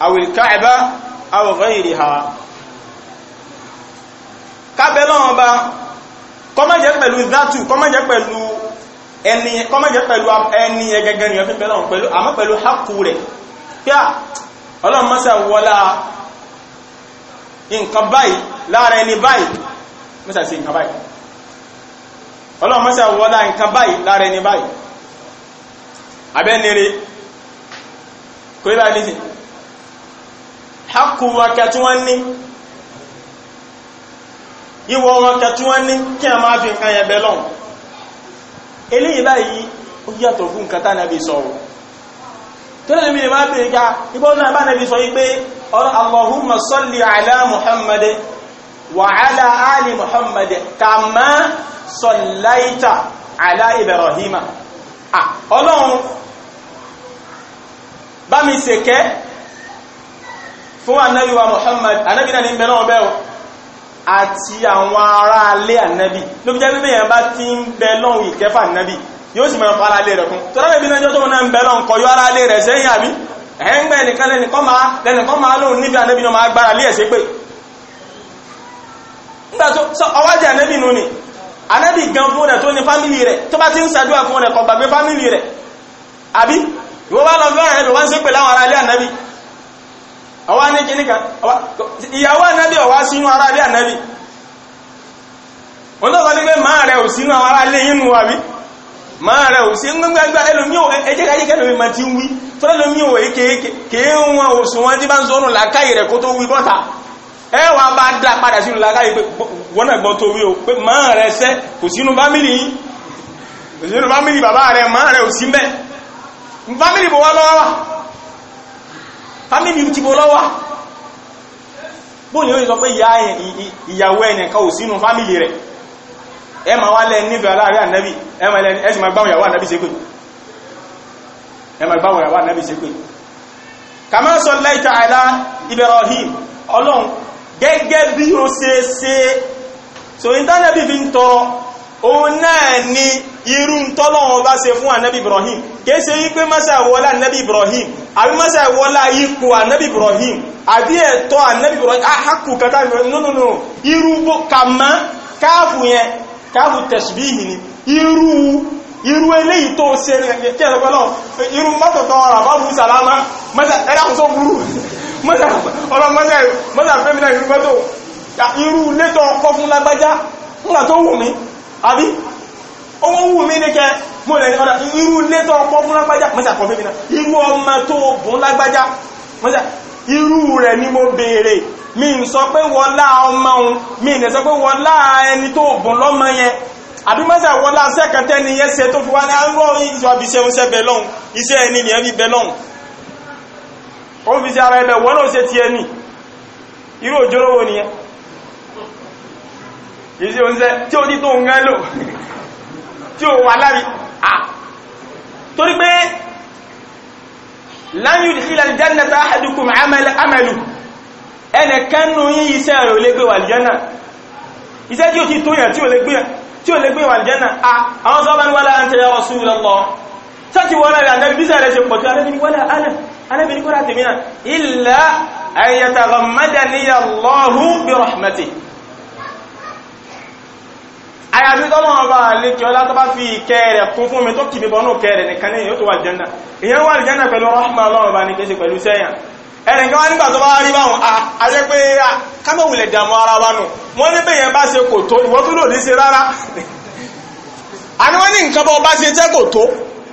aw al-ka'ba aw ghayriha kábẹ̀ náà bá kọ́mọ̀jẹ́ pẹ̀lú zátù kọ́mọ̀jẹ́ pẹ̀lú ẹni kọ́mọ̀jẹ́ pẹ̀lú ẹni ẹgẹgẹ ni ọ̀fẹ́ bẹ̀rẹ̀ pẹ̀lú àmọ́ pẹ̀lú haqqu rẹ̀ pé ọlọ́mọ́sẹ̀ ọlọ́run mọ́sá wọ́lá nǹkan báyìí lára ẹni báyìí abẹ́nire kò ní báyìí nìsìn hakùn wọn kẹtù wọn ní ìwọ wọn kẹtù wọn ní kí a máa fi nǹkan yẹn bẹ lọ́hùn eléyìí báyìí ó yàtọ̀ fún nǹkan tá nàbí sọ̀rọ̀ tó sọ̀láìtà àlá Ibrahima ọlọ́run bá mi ṣe kẹ́ fún ànábì wa Muhammad ànábì náà ní bẹ̀rẹ̀ ọ̀bẹ̀ o àti àwọn ará alé ànábì ló fi jẹ́ pé èèyàn bá ti ń bẹ lọ́hùn ìkẹfà ànábì yóò sì máa fara lé rẹ̀ kún tọ́lá bẹ̀bí náà jọ́ tó náà ń bẹ lọ́hùn kọ̀ yọ ara lé rẹ̀ sẹ́yìn àbí ẹ̀yìn gbẹ̀ nìkan lẹ́nìkan máa lẹ́nìkan máa lóhùn níbi ànábì náà máa gbára lé ẹ̀ṣẹ́ pé nígbà tó ọwájẹ́ ànábì nù ni anábì gan fún rẹ̀ tó ní fámílì rẹ̀ tó bá ti ń sàdúwà fún rẹ̀ kò gbàgbé fámílì rẹ̀ àbí ìwọ́n bá lọ fẹ́ràn ẹ̀dùn wọ́n sí pè láwọn ará ilé ànábì ọwá ní kìíní kan ìyàwó ànábì ọwá sínú ará ilé ànábì wọ́n tó sọ ní pé máa rẹ̀ ò sínú àwọn ará ilé yínú àbí máa rẹ̀ ò sí gbẹ́gbẹ́ ẹlòmí ẹjẹ́ káyé kẹlòmí ma ti wí tó lẹ́lòmí ò tí bá ń sọ́rùn làákàyè rẹ̀ kó tó wí bọ́ta ẹ wà bá dá padà sínú lákàrí pé wọ́n náà gbọ́n tó o pé máa rẹ̀ ṣẹ́ kò sínú fámílì yìí kò sínú fámílì bàbá rẹ̀ máa rẹ̀ ò sí mẹ́ fámílì bò wá lọ́wọ́ fámílì ti bò lọ́wọ́ bóyí ó sọ pé ìyàwó ò sínú rẹ̀ ẹ ma wá nífẹ̀ẹ́ aláàrẹ ànẹ́bì ẹ ma ìyàwó ànẹ́bì ọlọ́run gẹ́gẹ́ bí ó ṣe ṣe so ìtànẹ́bì fi ń tọrọ òun náà ni irú tọ́lọ́wọ́ bá ṣe fún ànábì Ibrahim kéèṣe wípé mọ́sá ìwọlá ànábì Ibrahim àbí mọ́sá ìwọlá ipò ànábì Ibrahim àbí ẹ̀tọ́ ànábì Ibrahim àhákù kẹta nínú irú kàmá káàfù yẹn káàfù tẹ̀ṣbíhì ni irú irú eléyìí tó ṣe kí ẹ̀lọ́pẹ́lọ́ irú mọ́tọ̀tọ̀ ọ̀rọ̀ àbábù sàlámà mẹ́ta ẹ̀dàkùn tó burú mọ́nà fẹ́mi náà ìrúgbọ́ tó irú létọ̀ ọkọ̀ fún lágbájá ńgbà tó wù mí àbí owó wù mí ní kẹ mo lè ọ̀dà irú létọ̀ ọkọ̀ fún lágbájá mọ́sà kọ̀ fẹ́mi náà irú ọmọ tó bùn lágbájá mọ́sà irú rẹ̀ ni mo béèrè mi ń sọ pé wọlá ọmọ òun mi ń sọ pé wọlá ẹni tó bùn lọ́mọ yẹn àbí mọ́sà wọlá sẹ́kẹ̀tẹ́ ni yẹn ṣe tó fi wá ní àwọn iṣẹ́ ọbí ṣe ń ṣe bẹ̀ lọ́hùn iṣẹ́ ẹni nìyẹn bí bẹ̀ lọ́hùn ó fi sí ara ẹ̀bẹ̀ wọ́n náà ṣe ti ẹni irú òjòrówó ni ẹ ìsí oúnjẹ tí ó ní tó ń gẹ́lò tí ó wà lárí à torí pé lan yudkhila aljannata ahadukum amalu ẹnìkan nù yí iṣẹ́ rẹ̀ ò lè gbé wà aljanna iṣẹ́ tí ó ti tó yàn tí ó lè anábìnrin kọ́lá tèmi náà illa an yataghammadaniya Allahu bi rahmatihi àyàfi tọ́lọ́ ọba àlékẹ́ ọlá tó bá fi ìkẹ́ rẹ̀ kún fún mi tó kìí bọ́nú kẹ́ rẹ̀ nìkan ní yóò tó wà jẹ́nà ìyẹn wà jẹ́nà pẹ̀lú rahma ọlọ́run bá ní kéṣe pẹ̀lú sẹ́yàn ẹnìkan wá nígbà tó bá rí báwọn àṣẹ ah, pé ah, jẹ́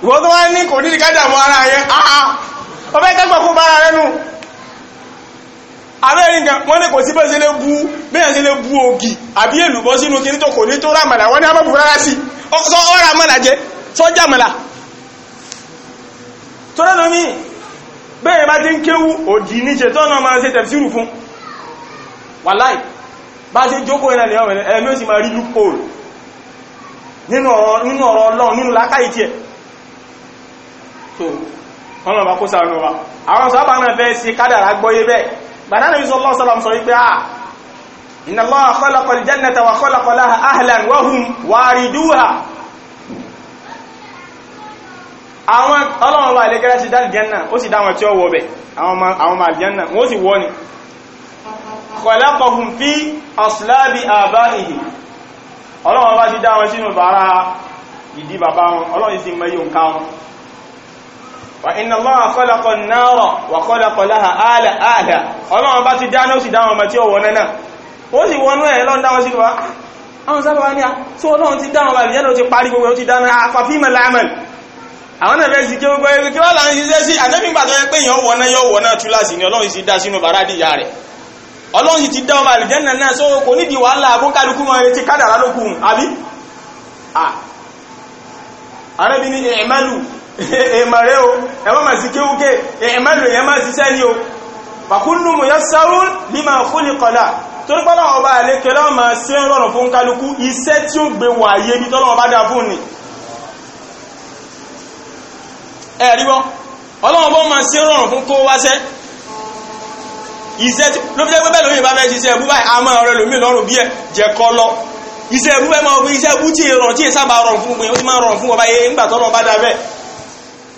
ìwọ́n tó wá ní kò ní ká dàmú ara yẹn ah, ọfẹ́ dágbàkú bára rẹ́nu abẹ́rin kan wọ́n ní kò sí bẹ́ẹ̀ sí lé bú ògì àbí èlùbọ́ sínú kí ní tó kò ní tó rámàlà wọ́n ní a mọ́bù rárá sí ọkọ̀ ọ̀rà mọ́là jẹ́ sọ́jà mọ́là tó rẹ́ lómi bẹ́ẹ̀ bá ti ń kéwú òdì máa ṣe tẹ̀síru fún bá ṣe jókòó ẹ̀mí ó sì máa rí nínú ọ̀rọ̀ ọlọ́run nínú ọlọ́ọ̀bá kó sàánú wa àwọn sọ́bà náà fẹ́ sí kádàrà gbọ́yé bẹ́ẹ̀ bàdánà yìí sọ́lọ́ sọ́lọ́m sọ wípé à ah, inna Allaha khalaqa al-jannata wa khalaqa laha ahlan wa hum wariduha àwọn ọlọ́run wa ilẹ̀kẹ́rẹ́ ti dá aljanna ó sì dá wọn tí ó wọ bẹ̀ àwọn ọmọ aljanna wọ́n sì wọ́ ni khalaqahum fi aslabi aba'ihi ọlọ́run wa ti dá sínú bàárà ìdí bàbá wọn ọlọ́run sì mẹ́yìn ká wọn وإن الله خلق النار وخلق لها آلة آلة ọlọ́run bá ti dáná ó sì dáwọn ọmọ tí ó wọ́n náà ó sì wọ́nú ẹ̀ lọ́n dáwọn sí wá àwọn sábàá ní à ah, tí ọlọ́run ti dáwọn ọmọ ìyẹ́nà ó ti parí gbogbo ó ti dáná àfàfíìmọ̀ ah, láàmẹ̀lì àwọn náà bẹ́ẹ̀ sì kí gbogbo ẹgbẹ́ kí wọ́n là ń ṣiṣẹ́ sí àjẹ́bìgbà tó yẹ pé èèyàn wọ́n náà yóò wọ́n náà túláàsì ni ọlọ́run sì dá sínú bàrádì ìyá rẹ̀ ọlọ́run ti dá ọmọ àlìjẹ́nà náà só kò nídìí wàhálà àkókálukú mọ́ ẹni tí kádàrá lókùn àbí ah. àrẹ́bí ní ìmẹ́lù èèmà eh, eh, rẹ o ẹ̀mọ́ mà sí kéwúké èèmà eh, lò yẹn má ṣiṣẹ́ ni o fàkúnnù mú yẹ sáwú lima fúnni kọlá torí pọ́lá ọba àlékẹ́ lọ́wọ́ máa ṣe ń rọrùn fún kálukú iṣẹ́ tí ó gbé wà yé bí tọ́lọ́wọ́ bá dá fún ni ẹ̀ríwọ́ ọlọ́wọ́ bọ́ máa ṣe rọrùn fún kó wáṣẹ́ iṣẹ́ tí ló fi jẹ́ pẹ́pẹ́ lómi bá fẹ́ ṣiṣẹ́ ẹ̀bú báyìí àmọ́ ọ̀rẹ́ lómi lọ́rùn bí ẹ̀ jẹ́ kọ́ lọ iṣẹ́ ẹ̀bú bẹ́ẹ̀ máa wọ iṣẹ́ ẹ̀bú tí èrò tí èsàbà rọrùn fún gbogbo ẹ̀ ó ti máa rọrùn fún ọba yẹ ńgbà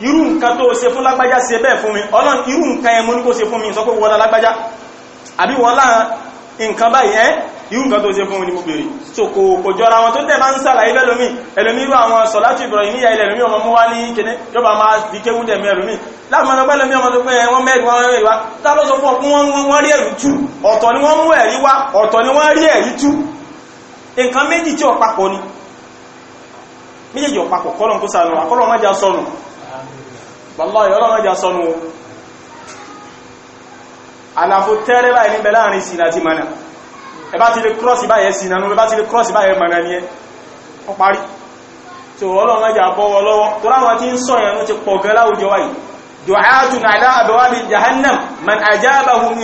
irú nǹkan tó ṣe fún lágbájá ṣe bẹ́ẹ̀ fún mi ọlọ́run irú nǹkan ẹmọ ní kó ṣe fún mi sọ pé wọ́lá lágbájá àbí wọ́lá nǹkan báyìí ẹ́ irú nǹkan tó ṣe fún mi ní gbogbo èrè so kò kò jọra wọn tó tẹ̀ máa ń sàlàyé lẹ́lómi ẹlòmí irú àwọn sọ̀látù Ìbráhímíyà ilẹ̀ ẹlòmí ọmọ wá ní kéde yọba máa di kéwú dẹ̀mí ẹlòmí láàmúlò wallahi ọlọ́mọjà sọnù àlàfo tẹ́rẹ́ báyìí níbẹ̀ láàrin sínà àti mana ẹbá ti lè kírọ́sì báyẹ̀ sínà nú ẹbá ti lè kírọ́sì báyẹ̀ mana ní ẹ ọ parí tó ọlọ́mọjà bọ́wọ́ lọ́wọ́ tó ráwọn tí ń sọ̀yànú ti pọ̀ gan láwùjọ wáyìí du'atun ala abwabi jahannam man ajabahum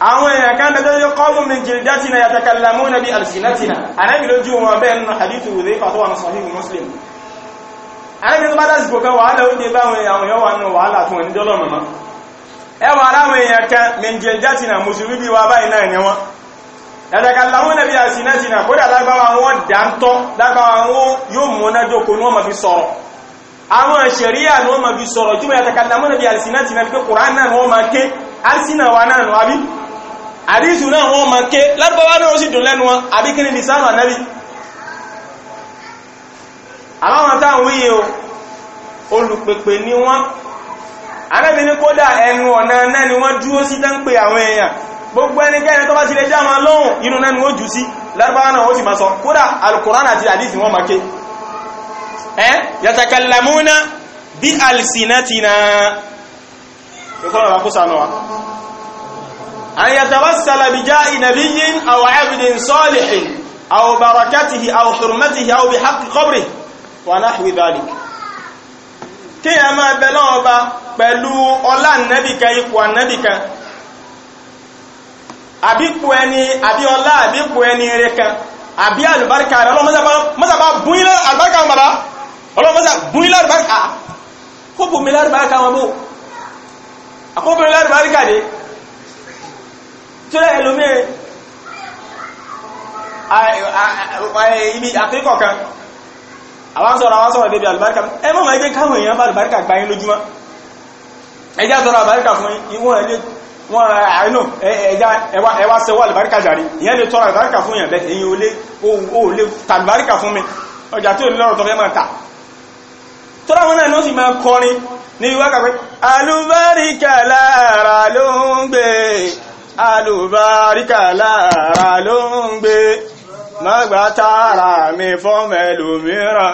àwọn èèyàn kan bẹ̀tọ́ yóò kọ́lù min jildatina yatakallamuna bi alsinatina anábì lójú wọn bẹ́ẹ̀ nínú hadithu wùdé fàtó wọn sahihu muslim anábì tó bá dá sìkò kan wàhálà ó dé báwọn èèyàn àwọn yọ́wà nù wàhálà tó wọn dọ́lọ̀ mọ́mọ́ ẹwà aláwọn èèyàn kan min jildatina mùsùlùmí bí wa báyìí náà ni wọn yatakallamuna bi alsinatina kódà lágbàwà wọn dáńtọ́ lágbàwà wọn yóò múná jókòó ni wọn ma fi sọ̀rọ̀ àwọn ṣẹ̀ríà ni wọ́n ma fi sọ̀rọ̀ jùmọ̀ yatakallamuna bi alsinatina pé kùrán náà ni wọ́n ma ké alsina wa náà nù àbí àdísù náà wọ́n ma ké lárúbáwá náà ó sì dùn lẹ́nu wọn àbí kí ni nìsánù ànábì àwọn táwọn wíye o olùpèpè ni wọ́n ànábì ní kódà ẹnu ọ̀nà náà ni wọ́n dúró sí tán pé àwọn èèyàn gbogbo ẹnikẹ́ni tó bá ti lè já wọn lóhùn inú náà ni ó jù sí lárúbáwá náà ó sì ma sọ kódà alukùránà àti àdísù wọ́n ma ké ẹ́ yàtàkàlàmúná bí alìsìnà tìǹà أن يتوسل بجاء نبي أو عبد صالح أو بركته أو حرمته أو بحق قبره ونحو ذلك kí ẹ máa bẹ lọ́wọ́ bá pẹ̀lú ọlá nẹ́bìkan ipò ànẹ́bìkan àbípo ẹni àbí ọlá àbípo ẹni rẹ kan àbí àlùbáríkà rẹ ọlọ́mọ́sàbá bún ilá àlùbáríkà wọn bàbá ọlọ́mọ́sà bún ilá àlùbáríkà kó bùnmi lárùbáríkà wọn bó àkóbùnmi lárùbáríkà dé tó rẹ̀ ẹlòmíì ibi àkíkọ̀ kan àwọn sọ̀rọ̀ àwọn sọ̀rọ̀ débi àlùbáríkà ẹ mọ́ máa jẹ́ káwọn èèyàn bá àlùbáríkà gbá yín lójúmọ́ ẹjá sọ̀rọ̀ àlùbáríkà fún ìwọ̀n ẹjẹ́ wọ́n ra àìnà ẹwà sẹ́wọ́ àlùbáríkà jàrí ìyẹn lè tọrọ àlùbáríkà fún èèyàn bẹ́ẹ̀ èyàn ò lè tàlùbáríkà fún mi ọjà tí ò lọ́rọ̀ tó fẹ́ máa tà tọ́rọ àwọn náà ló sì máa kọrin ní ìwákàpẹ́ alùbáríkà lára ló ń gbé mọ́gbà tààrà mi fọ́mọ ẹlòmíràn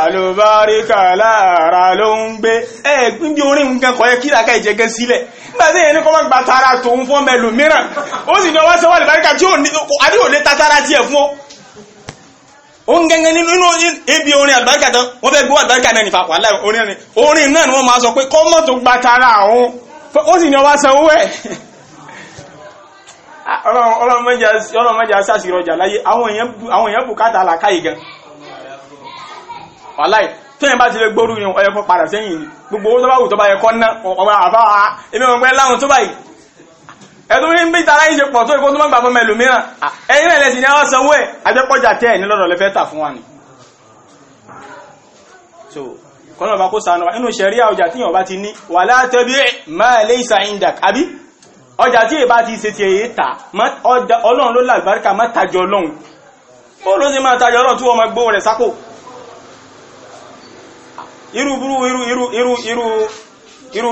alùbáríkà lára ló ń gbé ẹ̀ẹ́gbín bí orin nǹkan kọ̀ yẹ kí làkà ìjẹgẹ sílẹ̀ bẹ́ẹ̀ sẹ́yìn ní kọ́ máa gba tààrà tòun fọ́mọ ẹlòmíràn ó sì ní ọwọ́ sẹ́wọ́ alùbáríkà tí ò lè tatara tiẹ̀ fún ọ ó ń gẹ́gẹ́ nínú ibi orin àlùbáríkà tán wọ́n fẹ́ gbọ́ àlùbáríkà náà nípa wàhálà orin náà ni wọ́n máa sọ pé kọ́mọ̀ tó gba tara ó sì ní ọwá sanwó ẹ̀ ọlọ́run mẹ́jà sàṣìrò ọjà láyé àwọn èèyàn bùkátà àlàkáyé gan wàláì tẹ́yìn bá ti lè gbóòrú yẹn ẹ̀kọ́ padà sẹ́yìn ni gbogbo owó tó bá wù tó bá yẹ kọ́ ná ọ̀pọ̀ àbáwá èmi wọn pẹ́ láwọn tó báyìí ẹ̀tún ní bí tara yìí ṣe pọ̀ tó ìkó tó má gbà fún mẹlòmíràn ẹ̀yìn rẹ̀ lẹ́sìn ní àwọn sanwó ẹ̀ ajẹ́pọ̀jà tẹ́ ẹ̀ ní lọ́dọ̀ tà fún wa ni so kọ́nà ọba kó sànù inú ṣẹ̀ríà ọjà tíyàn ọba ti ní wà látẹ́bí máa lé ìsà indak àbí ọjà tí ìbá ti ṣe ti èyí ta ọlọ́run ló lálùbáríkà má tajọ ọlọ́run ó ló sì máa tajọ ọlọ́run tí wọ́n máa gbó rẹ̀ sápò irú burú irú irú irú irú irú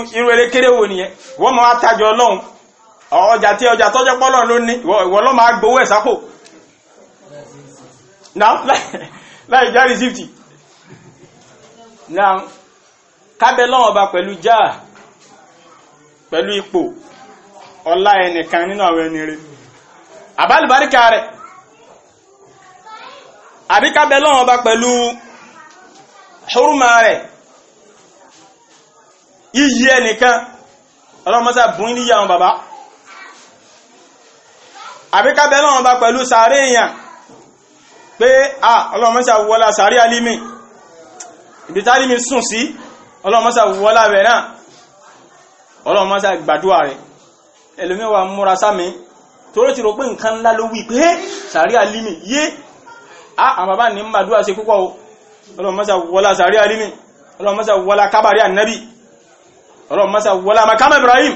irú wo nìyẹn wọ́n máa ọlọ́run ọjà tí ọjà tọ́jọ́ pọ́lọ́run ló ní ìwọ máa gbowó ẹ̀ sápò láì já kábẹ́ lọ́wọ́ ọba pẹ̀lú já pẹ̀lú ipò ọlá ẹnìkan nínú àwọn ẹni rẹ̀ àbálùbáríkà rẹ̀ àbíkábẹ̀ lọ́wọ́ bá pẹ̀lú ṣúrùmà rẹ̀ iyì ẹnìkan ọlọ́mọ́sá bùn níyà wọn bàbá àbíkábẹ̀ lọ́wọ́ bá pẹ̀lú sàárè èèyàn pé à ọlọ́mọ́sá wọlá sàárè alímì ibi tálímì sùn sí ọlọ́mọ́sá wọlá rẹ̀ náà ọlọ́mọ́sá gbàdúrà rẹ̀ ẹlòmí wa múra sámi torí ti rò pé nǹkan ńlá ló wí pé sàárì alímì yé àwọn bàbá ní màdúwà ṣe púpọ̀ ọlọ́mọ́sà wọlá sàárì alímì ọlọ́mọ́sà wọlá kábàrí makama ibrahim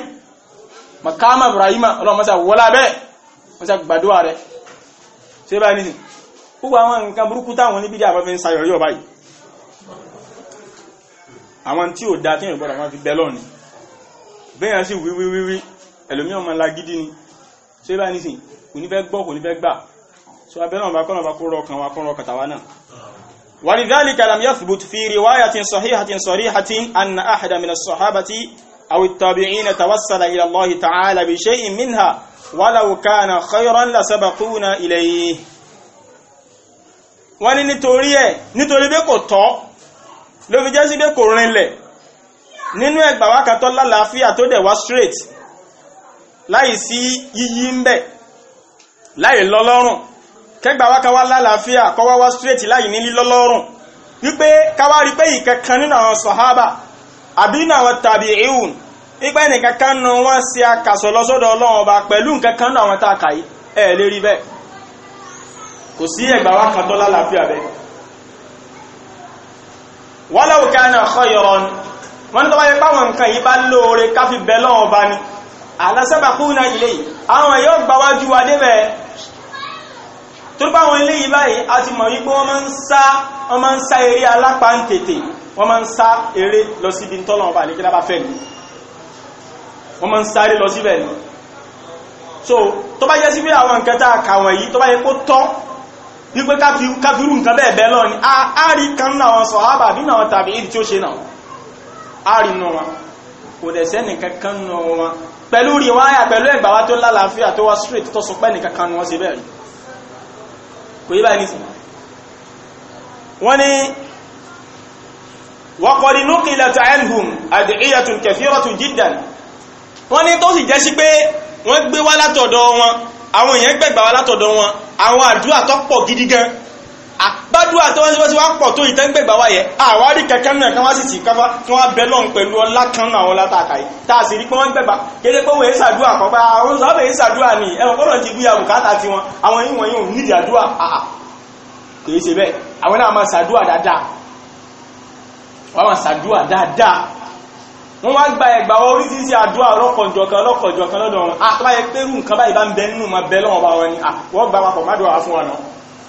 makama ibrahim ọlọ́mọ́sà wọlá bẹ́ẹ̀ wọ́n sá gbàdúwà rẹ̀ ṣe bá nìsìn púpọ̀ àwọn nǹkan burúkú táwọn níbi dí àbáfẹ́ ń sayọ̀ yọ báyìí àwọn tí ò dá tí ìrìnbọ̀dà wọn fi bẹ́ lọ́ni bẹ́yàn sì wíwíwíwí ẹlòmí ọmọ ńlá gidi ni so ibà nísìn kò ní fẹ́ gbọ́ kò ní fẹ́ gbà so abẹ́rẹ́ ọba kọ́nà ọba kó rọ kan wa kó rọ kàtàwa náà ولذلك لم يثبت في رواية صحيحة صريحة أن أحد من الصحابة أو التابعين توسل إلى الله تعالى بشيء منها ولو كان خيرا لسبقونا إليه wọ́n ní nítorí ẹ̀ nítorí bí kò tọ́ ló fi jẹ́ sí pé kò rinlẹ̀ nínú ẹgbàwákàtọ́ lálàáfíà tó dẹ̀ wá straight láì sí yíyí ń bẹ̀ láì lọ́lọ́rùn kẹgbà wá káwá lálàáfíà kọwá wá straight láì ní lílọ́lọ́rùn wípé káwá rí pé ìkẹkan nínú àwọn sọ̀hábà àbí nínú àwọn tabi'un wípé nìkankan nù wọ́n ṣe àkàsọ̀ lọ́sọ́dọ̀ ọlọ́run ọba pẹ̀lú nǹkankan nù àwọn tààkà yìí ẹ̀ lè rí bẹ́ẹ̀ kò sí ẹgbà wá kan tó lálàáfíà bẹ́ẹ̀ walau wọ́n ní tọ́wọ́ yẹ pàwọn nǹkan yìí bá lóore káfí bẹ́ẹ̀ àlásàbàkúnà ilé àwọn yóò gbáwájú wa débẹ̀ tó bá wọn ilé yìí báyìí a ti mọ̀ wípé wọ́n máa ń sá eré alápá ń tètè wọ́n máa ń sá eré lọ síbi tọ́lọ̀ ọba àlékí lábá fẹ́ ni wọ́n máa ń sáré lọ síbẹ̀ ni pé àwọn nǹkan tá a kà wọ̀nyí tó bá yẹ kó tọ́ wípé káfírú nǹkan bẹ́ẹ̀ bẹ́ẹ̀ a rí kan náà wọn sọ àbàbí náà tàbí èdè tí ó ṣe náà a rí nù wọn kò dẹ̀ sẹ́ni kankan nù wọn pẹ̀lú rìwáyà pẹ̀lú ẹgbà wa tó lálàáfíà tó wá straight tó sọ pé nìkan kan nù wọn sí bẹ́ẹ̀ rí kò yí báyìí nìsín wọ́n ní waqad nuqilat anhum ad'iyatun kathiratun jiddan wọ́n ní tó sì jẹ́ sí pé wọ́n gbé wá látọ̀dọ̀ wọn àwọn èèyàn gbẹ̀gbà wá látọ̀dọ̀ wọn àwọn àdúrà tó pọ̀ gidi àgbàdúrà ah, tó wọ́n ti wá pọ̀ tó ìtẹ́gbẹ̀gbà wáyẹ àwárí ah, kẹ̀kẹ́ náà kan wá sì ti káfá tí wọ́n bẹ lọ́n pẹ̀lú ọlá kan náà wọn látàkà yìí tá a sì rí pé wọ́n gbẹ̀gbà kéde pé wọ́n èsàdúrà kọ́pá àwọn sábẹ̀ èsàdúrà ni ẹ̀wọ̀n kọ́nà ti gbúyà bùkátà ti wọn àwọn yìí wọ̀nyí ò nídìí àdúrà àà ah, kò í ṣe bẹ́ẹ̀ àwọn náà máa ṣàdúrà dáadáa wọ́n máa ṣàdúrà dáadáa wọ́n wá gba ẹgbà oríṣiríṣi àdúrà ọlọ́kọ̀jọ̀kan ọlọ́kọ̀jọ̀kan lọ́dọ̀ wọn àtúwáyé pé irú nǹkan báyìí bá ń bẹ nínú ma bẹ lọ́wọ́ bá wọn ni àwọn gbà papọ̀ má dùn àwọn fún wọn náà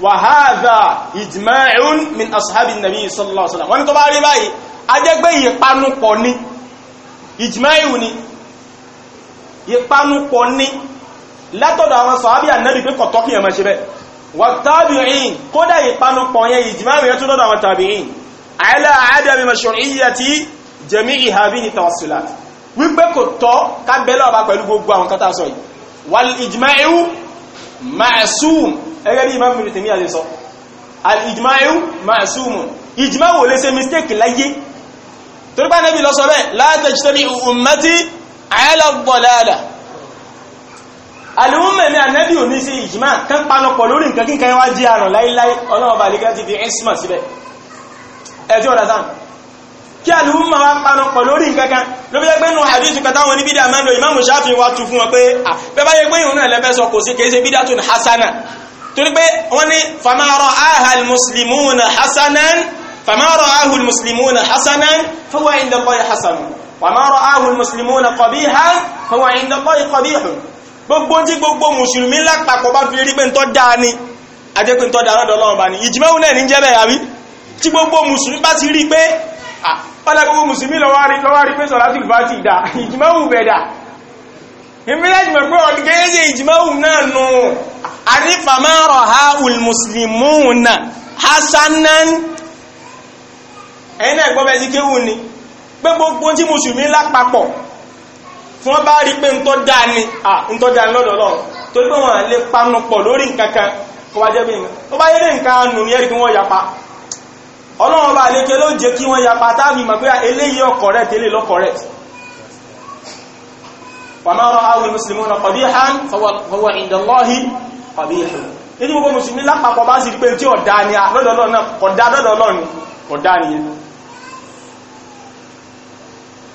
wàhádà ìjìmáàrún min asáàbì nàbí sallallahu alaihi wasallam wọ́n ni tó bá rí báyìí ajẹ́gbẹ́ ìpanupọ̀ ní ìjìmáàrún ni ìpanupọ̀ ní látọ̀dọ̀ àwọn sọ̀hábí ànábì pé kọ̀tọ́kì ẹ̀mà ṣe bẹ́ wà tábìrín kódà ìpanupọ̀ yẹn ìjìmáàrún yẹn tó dọ́dọ̀ àwọn tábìrín ala adami mashru'iyyati jami'i hadhihi ẹgẹ́ bí imam mìírìtì míyà lè sọ al-ijma'u ma'sumun ìjìmá wò lè ṣe mistake láyé torí pé Ànábì lọ sọ bẹ́ẹ̀ la tajtami'u ummati 'ala ad-dalalah àlùmọ̀ ní Ànábì ò ní sí ìjìmá kan panọpọ̀ lórí nǹkan kí kan wá jí àrùn láíláí ọlọ́wọ́ bá lè gá ti fi ẹ́sìmọ̀ síbẹ̀ ẹjọ́ ọ̀dá sáà kí alùmọ̀ wá panu pọ̀ lórí nǹkankan ló bí ẹgbẹ́ nù torí pé wọ́n ní famaro ahal muslimuna hasanan famaro ahul muslimuna hasanan fawa inda kọ́ hasanu famaro ahul muslimuna qabiha fawa inda kọ́ qabihun gbogbo tí gbogbo mùsùlùmí lápapọ̀ bá fi rí pé ń tọ́ dáa ni ajẹ́ pé ń tọ́ dáa lọ́dọ̀ Ọlọ́run bá ní ìjìmẹ́wò náà ní jẹ́bẹ̀ àbí tí gbogbo mùsùlùmí bá ti rí pé ọlá ah, gbogbo mùsùlùmí lọ́wọ́ rí pé sọ̀rọ̀ àti ìfà ti dà ìjìmẹ́wò bẹ̀dà ìmílẹ̀jì mọ̀ pé ọ̀dìgẹ́yẹ́ ìjìmáwù náà nù àrífàmárọ̀ ha ulmuslimuna hasanan ẹ̀yìn náà gbọ́bẹ̀ sí kéwù ni pé gbogbo tí mùsùlùmí lápapọ̀ tí wọ́n bá rí pé ń tọ́ dáa ni à ń tọ́ dáa ni lọ́dọ̀ọ́lọ́ tó gbé wọn lè panu pọ̀ lórí nǹkan kan kó wá jẹ́ bí nǹkan ló jẹ́ kí wọ́n yapa táàbì mọ̀ pé eléyìí ọkọ̀ rẹ̀ tẹ́lẹ̀ lọ́kọ̀ rẹ̀ وما رآه المسلمون قبيحا فهو عند الله قبيح nínú gbogbo mùsùlùmí lápapọ̀ bá sì pé tí ọ̀dá ni lọ́dọ̀ọ́lọ́ náà kọ̀dá lọ́dọ̀ọ́lọ́ ni kọ̀dá ni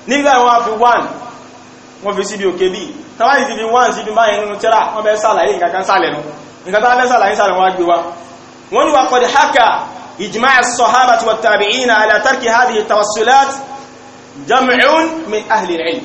nígbà wọn fi 1 wọ́n fi síbi òkè bí tàbí síbi 1 síbi báyìí nínú tẹ́rà wọ́n bẹ́ sàlàyé nǹkan sàlẹ̀ nù nǹkan tàbí sàlàyé sàlẹ̀ wọ́n gbé wa wọ́n ni wà qad haka ijma' as-sahabati wat-tabi'ina ala tarki hadhihi at-tawassulat jam'un min ahli al-ilm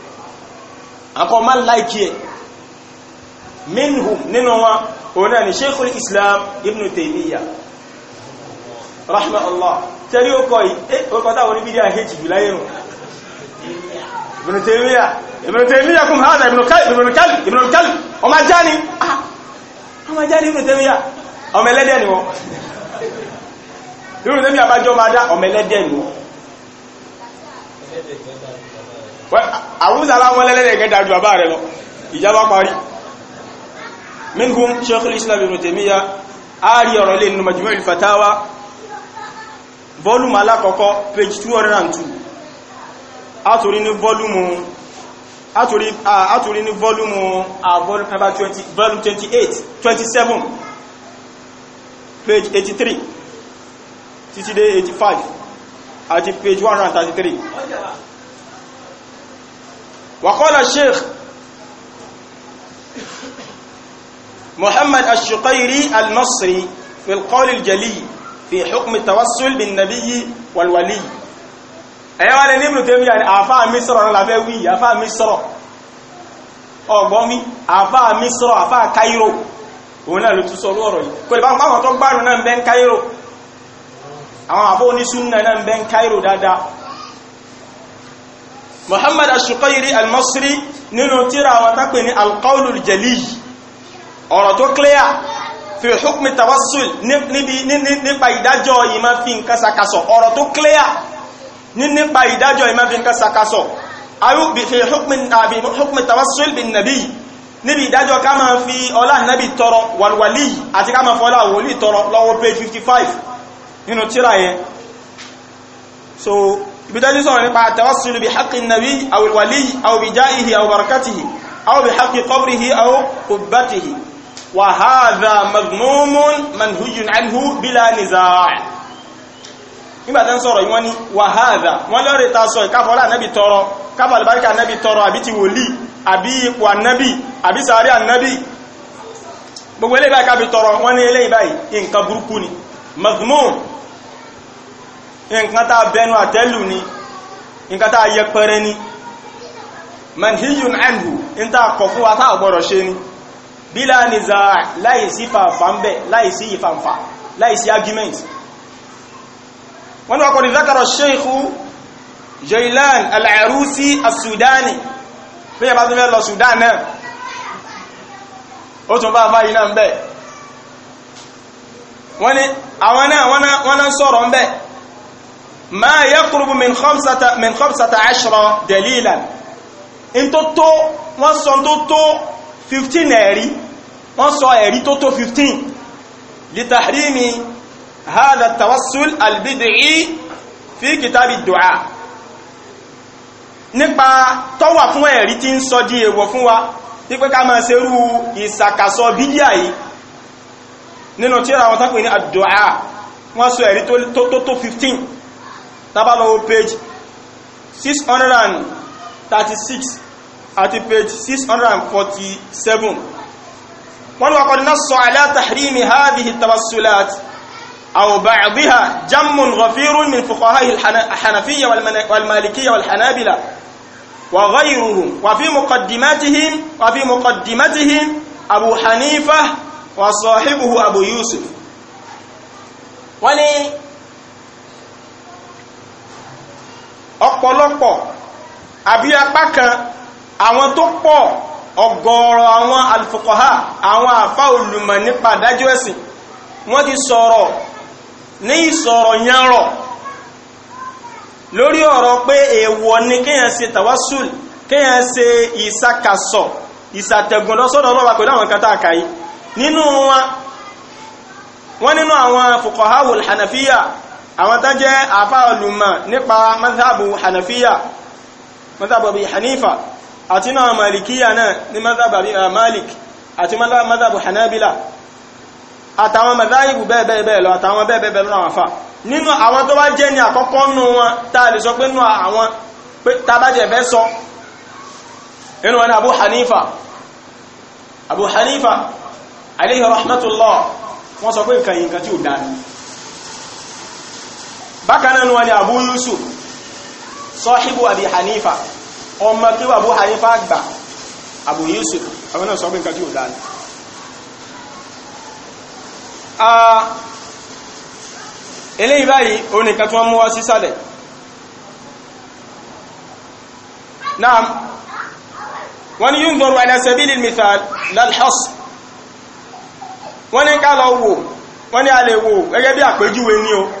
akọ ma láìkí ẹ̀ minhum nínú wọn òun náà ni sheikhul islam ibnu taymiya rahmanallah tẹ́rí ó kọ́ ọkọ̀ eh, táwọn oníbí díà hejì jù láyé o ibnu taymiya ibnu taymiya kún hàdà ibn kalb ibn kalb ọmọ ajá ni ah, ọmọ ajá ni ibnu taymiya ọmọ ẹlẹ́dẹ̀ ni wọ́n ibn taymiya bá jọ ọmọ ajá ọmọ ẹlẹ́dẹ̀ ni wọ́n àwúsàlá wọn lẹ́lẹ́lẹ́ ìkẹta ju àbá rẹ̀ lọ ìjábá parí minhum sheikhul islam ibn taymiya ari ọ̀rọ̀ ilé nínú majmu' al-fatawa volume alákọ̀ọ́kọ́ page 202 àtòrí ní volume àtòrí àtòrí ní volume volume 28 27 page 83 títí dé 85 àti page 133 وقال الشيخ محمد الشقيري المصري في القول الجلي في حكم التوسل بالنبي والولي ẹ̀yẹ́ wá lè ní Ibn Taymiyyah àfáà mísọ́rọ̀ náà láfẹ́ wí àfáà mísọ́rọ̀ ọgbọ́mí àfáà mísọ́rọ̀ àfáà káírò òun náà ló tún sọ lọ́rọ̀ yìí kò lè bá pàwọn tó gbárùn náà ń bẹ ń káírò àwọn àfóò ní súnnà náà ń bẹ ń káírò dáadáa muhammad ashukairi al-masri nínú tíra wọn tápẹ̀ ní alkaulul jali ọ̀rọ̀ tó clear fi hukmi tawassul nípa ìdájọ́ ìmá fi nǹkan sakasọ̀ ọ̀rọ̀ tó clear nípa ìdájọ́ ìmá fi nǹkan sakasọ̀ ayú fi hukmi tawassul bin nabi níbi ìdájọ́ ká máa fi ọlá nabi tọrọ walwali àti ká máa fọ́lá wòlí tọrọ lọ́wọ́ page 55 nínú tíra yẹn so ibi tó ti sọ̀rọ̀ nípa tawassulu bi haqqi nabi aw wali aw bi jaihi aw barakatihi aw bi haqqi qabrihi aw qubbatihi wa hadha madhmumun manhuyun anhu bila nizaa nígbà tó ń sọ̀rọ̀ yìí wọ́n ní wa hadha wọ́n lọ́rẹ̀ ta sọ ìkáfọ́lá nẹ́bi tọrọ káfà àlùbáríkà nẹ́bi tọrọ àbí ti wòlíì àbí ipò ànẹ́bi nǹkan tá bẹnu àtẹ́lù ni nǹkan tá yẹpẹrẹ ni manhiyun anhu in tá kọ̀ fún wa tá gbọ́rọ̀ ṣe ni bílá nìza láìsí fàǹfà ń bẹ̀ láìsí ìfàǹfà láìsí argument wọ́n ni wakọ̀ ni zakaro sheikhu jailan al'arusi as-sudani yẹ bá tún fẹ́ lọ sudan náà ó tún bá fáyí náà ń bẹ̀ wọ́n ni àwọn náà wọ́n náà sọ̀rọ̀ ń bẹ̀ ma yaqrubu min khamsata min khamsata ashra dalilan in tó tó wọ́n sọ tó tó 15 ẹ̀rí wọ́n sọ ẹ̀rí tó tó 15 li tahrimi hadha tawassul albid'i fi kitabi du'a nípa tó wà fún ẹ̀rí tí ń sọ di èèwọ̀ fún wa wípé ká máa ṣe rú ìsàkàsọ bídíà yìí nínú tírà wọn tán pè ní àdùá wọ́n sọ ẹ̀rí tó tó 15 tábàlọ́wọ́ page 636 àti page 647 wọ́n wà kọ̀dínà sọ ala tahrimi hadhihi tawassulat aw ba'dhiha jammun ghafirun min fuqaha'il hanafiyya wal malikiyya wal hanabila wa ghayruhum wa fi muqaddimatihim wa fi muqaddimatihim abu hanifa wa sahibuhu abu yusuf wani ọ̀pọ̀lọpọ̀ àbí apá kan àwọn tó pọ̀ ọ̀gọ̀ọ̀rọ̀ àwọn alfuqaha àwọn àfá olùmọ̀ nípa dájú ẹ̀sìn wọ́n ti sọ̀rọ̀ ní ìsọ̀rọ̀ yanrọ̀ lórí ọ̀rọ̀ pé èèwọ̀ ni kéèyàn ṣe tawassul kéèyàn ṣe ìsakasọ̀ ìsàtẹ̀gùn lọ́sọ́dọ̀ ọlọ́wà pẹ̀lú àwọn kátà àkàyí nínú hanafiya àwọn tán jẹ́ àfá olùmọ̀ nípa mazhabu hanafiya mazhabu abi hanifa àti náà malikiya náà ní mazhabu abi eh, malik àti mazhabu hanabila àtàwọn mazhabu bẹ́ẹ̀bẹ́ẹ̀ lọ àtàwọn bẹ́ẹ̀bẹ́ẹ̀ lọ àfá nínú àwọn tó bá jẹ́ ní àkọ́kọ́ nù wọn tàà lè sọ pé nù àwọn tàbájẹ̀ bẹ́ sọ inú wọn abu hanifa abu hanifa alayhi rahmatullah wọ́n sọ pé nǹkan yìí nǹkan tí ò dáa bákanáà ní wọ́n ni Abu Yusuf sọ́híbù Abi Hanifa ọmọ kí wà Abu Hanifa gbà Abu Yusuf àwọn náà sọ́gbìn kan tí ó dáni eléyìí báyìí o nìkan tí wọ́n mú wá sí sálẹ̀ náà wọ́n ni yíò ń dọ̀rọ̀ àìnàṣẹ́bílì mìtàl lálhásù wọ́n ni ká lọ wò wọ́n ni a lè wò gẹ́gẹ́ bí àpèjúwe ní o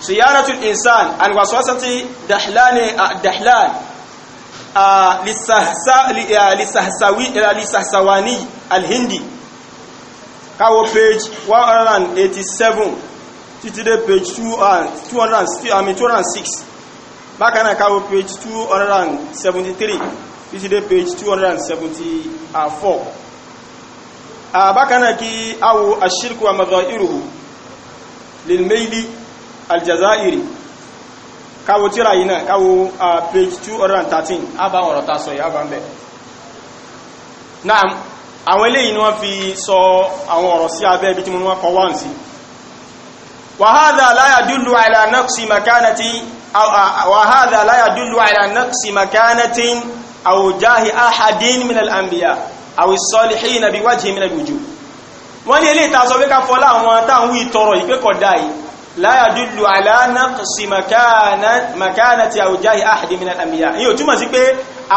سيارة الإنسان عن وسوسة دحلان دحلان لسهسواني الهندي káwọ́ page 187 títí dé page 206 bákan náà káwọ́ page 273 títí dé page 274 bákan náà kí awo ashirku wa madha'iruhu lil aljazairi káwo tíra yìí náà káwo page 213 àbá ọ̀rọ̀ ta sọ yàbá ń bẹ̀ náà àwọn eléyìí ni wọ́n fi sọ àwọn ọ̀rọ̀ sí abẹ́ ibi tí mo wọ́n kọ wọ́n sí wàhádà láyà dúlù àìlà naqsi makánatí wàhádà láyà dúlù àìlà naqsi makánatí àwòjáhì áhàdín minal anbiya àwòsọ́lìhìn nàbí wájì minal wujuh wọ́n ní eléyìí ta sọ pé la yadullu ala naqsi makanati aw jahi ahadi min al-anbiya yíò túnmọ̀ sí pé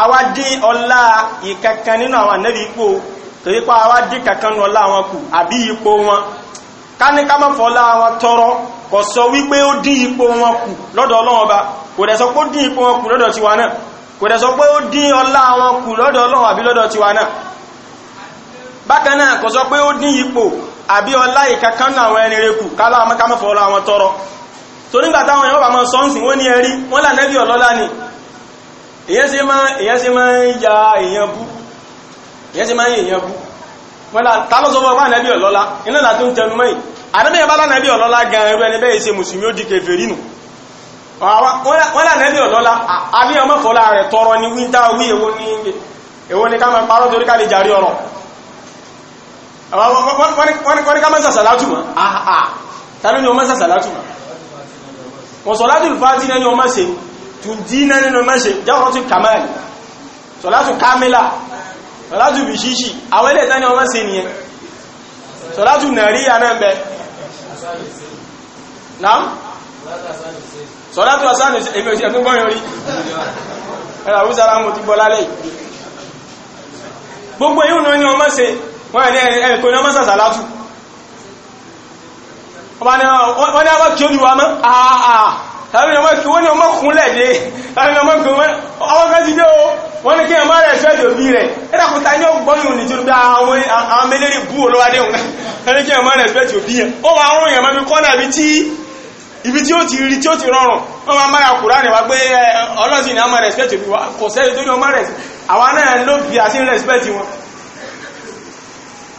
àwa dín ọlá ìkankan nínú àwọn ànábì ipò torí pé àwa dín kankan nínú ọlá wọn kù àbí ipò wọn káníká má fọ́lá wọn tọrọ kò sọ wípé ó dín ipò wọn kù lọ́dọ̀ Ọlọ́run Ọba kò dẹ̀ àbí ọlá ìkankan náà àwọn ẹni rekù kálá amákámọ́fọ́ọ́lá àwọn tọrọ tó nígbà táwọn èèyàn wà mọ́ sọ́nsì wọ́n ní ẹrí wọ́n là nẹ́bí ọlọ́lá ni èyẹ́ sí máa ń ya èèyàn bú èyẹ́ sí máa ń èèyàn bú wọ́n là tálọ́sọ́fọ́ wà nẹ́bí ọlọ́lá iná là tó ń tẹnu mọ́yìn àdébẹ̀yẹ bá lánàbí ọlọ́lá gan ẹrú ẹni bẹ́ẹ̀ ṣe mùsùlùmí ó di kèfèrí nù wọ́n lánàbí ọlọ́lá àbí ọmọ fọ́lá rẹ̀ tọrọ ni wíńtà wí wọ́n ní ká mọ́sà sàlátù mọ́ àhà tàbí ni wọ́n mọ́sà sàlátù mọ́ wọ́n sọ̀látù fàájì náà ni wọ́n mọ́sẹ̀ tún dí náà nínú mọ́sẹ̀ jáwọ́tù kàmáàlì sọ̀látù kámílà sọ̀látù bìṣíṣì àwọn ilẹ̀ tán ni wọ́n mọ́sẹ̀ nìyẹn sọ̀látù nàríyà náà bẹ naam sọ̀látù asánù èmi ò ti ni wọ́n mọ́sẹ̀ wọ́n ẹni ẹni kò ní ọmọ sàṣàlátù wọ́n ni ọmọ kí olùwà mọ́ àà tàbí ọmọ kí wọ́n ni ọmọ kúnlẹ̀ dé tàbí ọmọ kí wọ́n kẹ́ ti dé o wọ́n ni kí ọmọ rẹ̀ fẹ́ dò bí rẹ̀ ẹ́dàkùta ní ọgbọ́yùn ní jùlọ bí àwọn mẹ́lẹ́rì bú olówádé òun ẹni kí ọmọ rẹ̀ fẹ́ dò bí rẹ̀ ó wà rún ìyàmọ́ bí kọ́nà bí tí ibi tí ó ti rí tí ó ti rọrùn wọ́n máa máa kùrá rẹ̀ wá pé ọlọ́sìn ni a máa respect bí wa kò sẹ́yìn tó ní ọmọ rẹ̀ àwa náà ló bí a sí respect wọn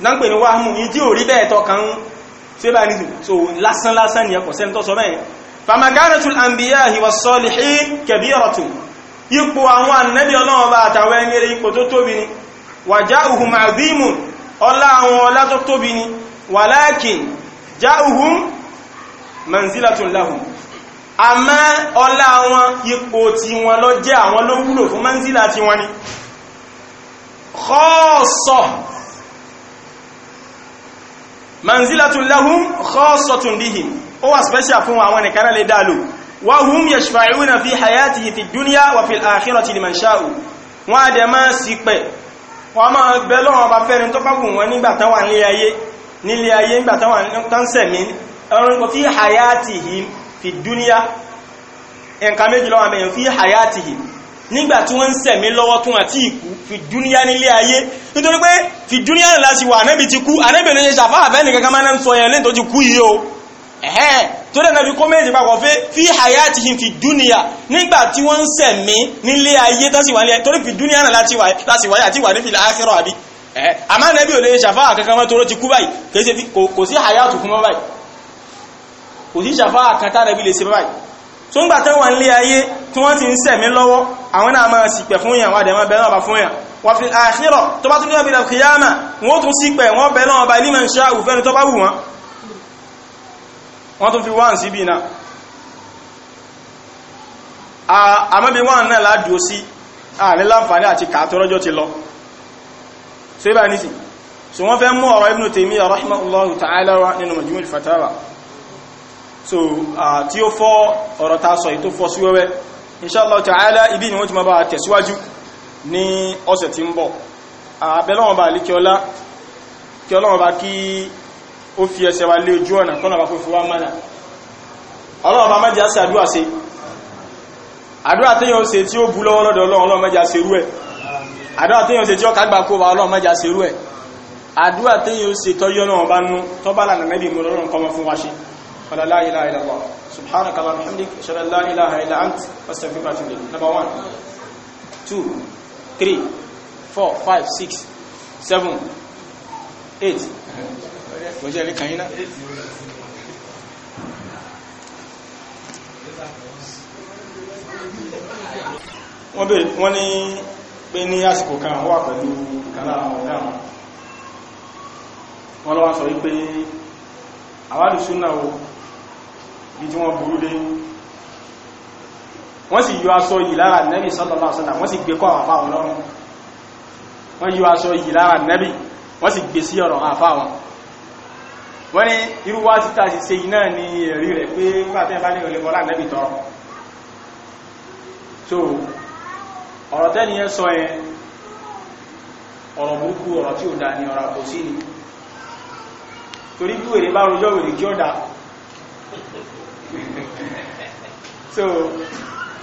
náà pè ní wáhámù yìí tí ò rí bẹ́ẹ̀ tọkàn tí ó bá nìtù so lásán lásán ni ẹkọ̀ sẹ́ntọ́ sọ bẹ́ẹ̀ famaganatul anbiyahi was-salihin kabiratun ipò àwọn ànábì ọlọ́ọ̀bá àtàwọn ẹni rere ipò tó tóbi ni waja'uhum 'azimun ọlá àwọn ọlá tó tóbi ni walakin ja'uhum manzilatun lahum àmọ́ ọlá àwọn ipò tí wọn lọ jẹ́ àwọn ló fún manzila tí wọn ni khassa manzilatun lahum khassatun bihim ó wà special fún àwọn nìkan lè dálò wa hum yashfa'una fi hayatihi fi dunya wa fil akhirati liman sha'u wọ́n a dẹ̀ máa sì pẹ̀ wọ́n máa bẹ lọ́wọ́n bá fẹ́rin tó pàkùn wọn nígbà tán wà nílé ayé nílé ayé nígbà tán wà tán sẹ̀mí ọrùn fi hayatihi fi dunya nǹkan méjì lọ́wọ́ bẹ̀yìn fi hayatihi nígbà tí wọ́n ń sẹ̀mí lọ́wọ́ tún àti ìkú fi dúníyà nílé ayé nítorí pé fi dúníyà nílá sí wà anábì ti kú anábì ló ṣe ṣàfáàfẹ́ nìkan kan máa ń sọ yẹn lẹ́yìn tó ti kú yìí o ẹ̀hẹ́n tó dẹ̀ nàbí kọ́mẹ́ẹ̀dì papọ̀ fẹ́ fi hayatihim fi dúníyà nígbà tí wọ́n ń sẹ̀mí nílé ayé tó sì wà nílé torí fi dúníyà náà láti wáyé àti wà ní fi láàkírọ̀ àbí àmọ́ anábì ò lè ṣe ṣàfáà kankan mọ́ tó ti kú báyìí kò sí hayatu kú mọ́ báyìí kò sí ṣàfáà kan tá tó ń gbà tẹ́ wà nílé ayé tí wọ́n ti ń sẹ̀mí lọ́wọ́ àwọn náà máa ṣìpẹ̀ fún yàn wà dẹ̀ máa bẹ̀ náà bá fún yàn wà fi àṣírọ̀ tó bá tún ní ọ̀bìnrin kìyàmà wọ́n tún ṣìpẹ̀ wọ́n bẹ̀ náà bá ilé mẹ́rin ṣáà wùfẹ́ni tó bá wù wọ́n wọ́n tún fi wá sí bí náà àmọ́bí wọ́n náà ládùú sí ààrin láǹfààní àti kàtọ́rọ́jọ́ ti lọ so ibà nísì so wọ́n fẹ́ mú ọ̀rọ̀ Ibn Taymiyyah rahimahullahu ta'ala nínú Majmu' al-Fatawa so tí ó fọ́ ọ̀rọ̀ ta sọ ìtó fọ́ sí wẹ́wẹ́ inshallah ta'ala ibi ni wọ́n ti ma bá tẹ̀síwájú ní ọ̀sẹ̀ tí ń bọ̀ àbẹ́lọ́wọ̀n bá lè kí ọlá kí ọlọ́wọ̀n bá kí ó fi ẹsẹ̀ wa lé ojú ọ̀nà tọ́nà bá kó fi wá mọ́nà ọlọ́wọ̀n bá mẹ́já sí àdúrà sí àdúrà tí yóò ṣe tí ó bú lọ́wọ́ lọ́dọ̀ ọlọ́run mẹ́já sí irú ẹ̀ àdúrà tí yóò ṣe tí ó kàgbà kó wa ọlọ́run mẹ́já sí irú ẹ̀ àdúrà tí yóò ṣe tọ́jọ́ náà ولا لا إله إلا الله سبحانك اللهم وبحمدك أشهد أن لا إله إلا أنت أستغفرك وأتوب إليك number one two three four five six seven eight bọ́jẹ́ ilé kan yín náà wọ́n bèèrè wọ́n ní pé ní àsìkò kan wà pẹ̀lú ìkàlá àwọn ọ̀gá àwọn wọ́n lọ́wọ́ sọ wípé àwádìí súnà o bí tí wọ́n burú dé wọ́n sì yọ aṣọ yìí lára nẹ́bì sallallahu alaihi wasallam wọ́n sì gbé kọ́ àfá wọn lọ́rùn wọ́n yọ aṣọ yìí lára nẹ́bì wọ́n sì gbé sí ọ̀rọ̀ àfá wọn wọ́n ní irú wá títà sí se iná ní ẹ̀rí rẹ̀ pé pàtẹ́ bá ní so ọ̀rọ̀ tẹ́ni yẹn sọ yẹn ọ̀rọ̀ burúkú ọ̀rọ̀ tí ó dá ní ọ̀rọ̀ àkọsí ni torí bí so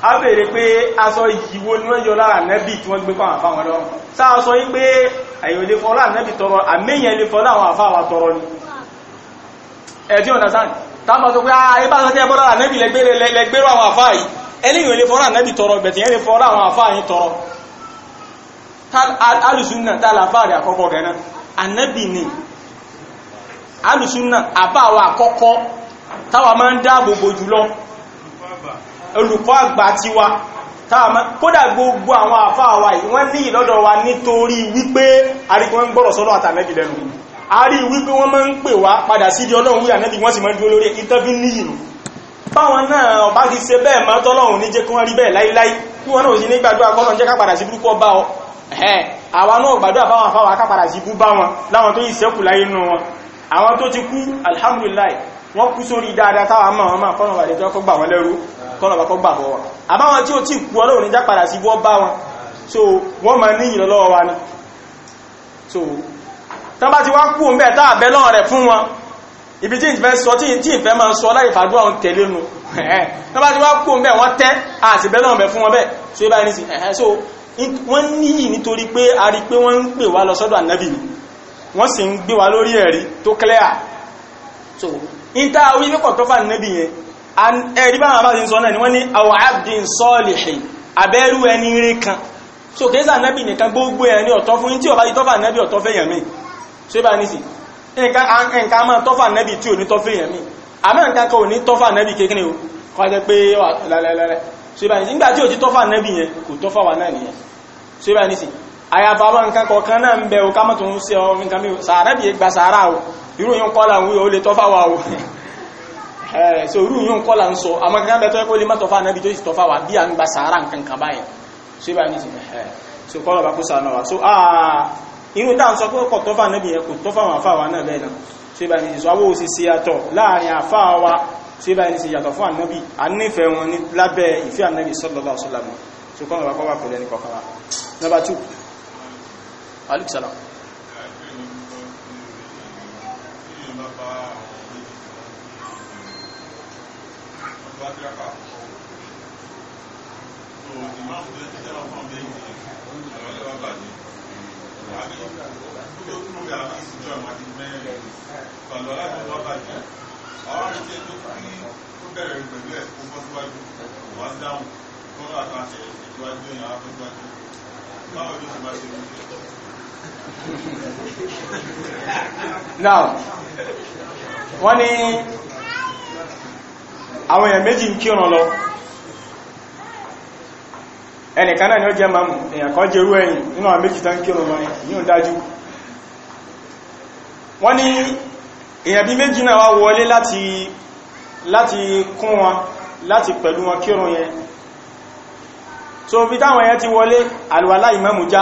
a bèèrè pé aṣọ ìyíwó ní wọ́n yọ lára nẹ́bì tí wọ́n gbé fáwọn àfáwọn lọ sáà sọ yí pé àyẹ̀wò lè fọ́ lára nẹ́bì tọrọ àmẹ́yẹn lè fọ́ láwọn àfáwọn tọrọ ni ẹ̀dí ọ̀nà sáà tábà tó pé ah, ayé bá sọ́tẹ́ ẹbọ́ lára nẹ́bì lẹ́gbẹ̀rọ àwọn àfáà yìí ẹlẹ́yìn lè fọ́ lára nẹ́bì tọrọ gbẹ̀tìyàn lè fọ́ láwọn àfáà yìí tọrọ alùsùnà tá àlàfáàrí àkọ́kọ́ rẹ̀ náà ànẹ́bì ni alùsùnà àbáwọ̀ àkọ́kọ́ táwa máa ń dáàbò bò jùlọ olùkọ́ àgbà tiwa kódà gbogbo àwọn àfáà wa yìí wọ́n ní ìlọ́dọ̀ wa nítorí wípé àríkí wọ́n ń gbọ́rọ̀ sọ́dọ̀ àtàmẹ́bì lẹ́nu a rí wípé wọ́n máa ń pè wá padà sí di ọlọ́run wíyà nẹ́bí wọ́n sì máa dúró lórí ìtọ́bí níyìnú báwọn náà ọba ti ṣe bẹ́ẹ̀ máa tọ́lọ́run ní jẹ́ kí wọ́n rí bẹ́ẹ̀ láíláí kí wọ́n náà sí ní gbàdúrà kọ́lọ̀ jẹ́ ká padà sí burúkú ọba ọ àwa náà gbàdúrà báwọn afáwà ká padà sí bú bá wọn láwọn tó yìí sẹ́kù láyé nù wọn àwọn tó ti kú alhamdulillah wọ́n kú sórí dáadáa táwà mọ̀ máa kọ́nà wàlẹ̀ tó kọ́ gbà wọn lẹ́rú kọ́nà wà kọ́ wọn àbáwọn tí ó ti kú ọlọ́run níjà padà sí wọ́n bá wọn so wọ́n máa ní ìlọ wa ni so tán bá ti wá kú ń bẹ̀ tá lọ́rọ̀ rẹ̀ fún wọn ibi tí ìfẹ́ máa sọ láì fàdúrà ń tẹ̀lé a rí pé clear so in ta awi ní kọ̀tọ́fà nẹ́bì yẹn ẹ̀rí bá wọn bá ti sọ náà ni wọ́n ní àwọn abdin sọ́ọ̀lìhì abẹ́rú ẹni rí kan so kẹsà nẹ́bì nìkan gbogbo ẹni ọ̀tọ́ fún tí ọba ti tọ́fà nẹ́bì ọ̀tọ́ fẹ́yàn mi so bá ní sí nǹkan máa tọ́fà nẹ́bì tí ò ní tọ́fẹ́ yẹn mi àmọ́ nǹkan kan ò ní tọ́fà nẹ́bì kékeré àyàfà àwọn nǹkan kọ̀ọ̀kan náà ń bẹ o kámọ́ tó ń ṣe ọ nǹkan mi sàárẹ́bì gba sàárà o irú yóò kọ́lá ń wí o lè tọ́fà wa o eh, so irú yóò kọ́lá ń sọ àwọn kankan bẹ tó yẹ kó lè má tọ́fà náà bí tó sì tọ́fà wa bí à ń gba sàárà nǹkan kan báyìí eh, so ibà ní ìsìn ẹ̀ so kọ́lá bá kó sàánà wa so ah, irú tá à ń sọ pé kò tọ́fà náà bí yẹn kò tọ́fà wọn àfáà wa náà bẹ́ẹ̀ náà so ibà ní ìsìn so kọ́ number two alìsàlá Àwọn ìṣẹ́ tó ó ti máa ṣe ní ṣe? now wọ́n ní àwọn èèyàn méjì ń kírun lọ ẹnìkan náà ni ó jẹ́ mamu èèyàn kan jẹ́ irú ẹ̀yìn nínú àwọn méjì tán kírun lọ ní ò dájú wọ́n ní èèyàn bí méjì náà wá wọlé láti láti kún wọn láti pẹ̀lú wọn kírun yẹn so bí táwọn èèyàn ti wọlé àlùwàlá ìmámù já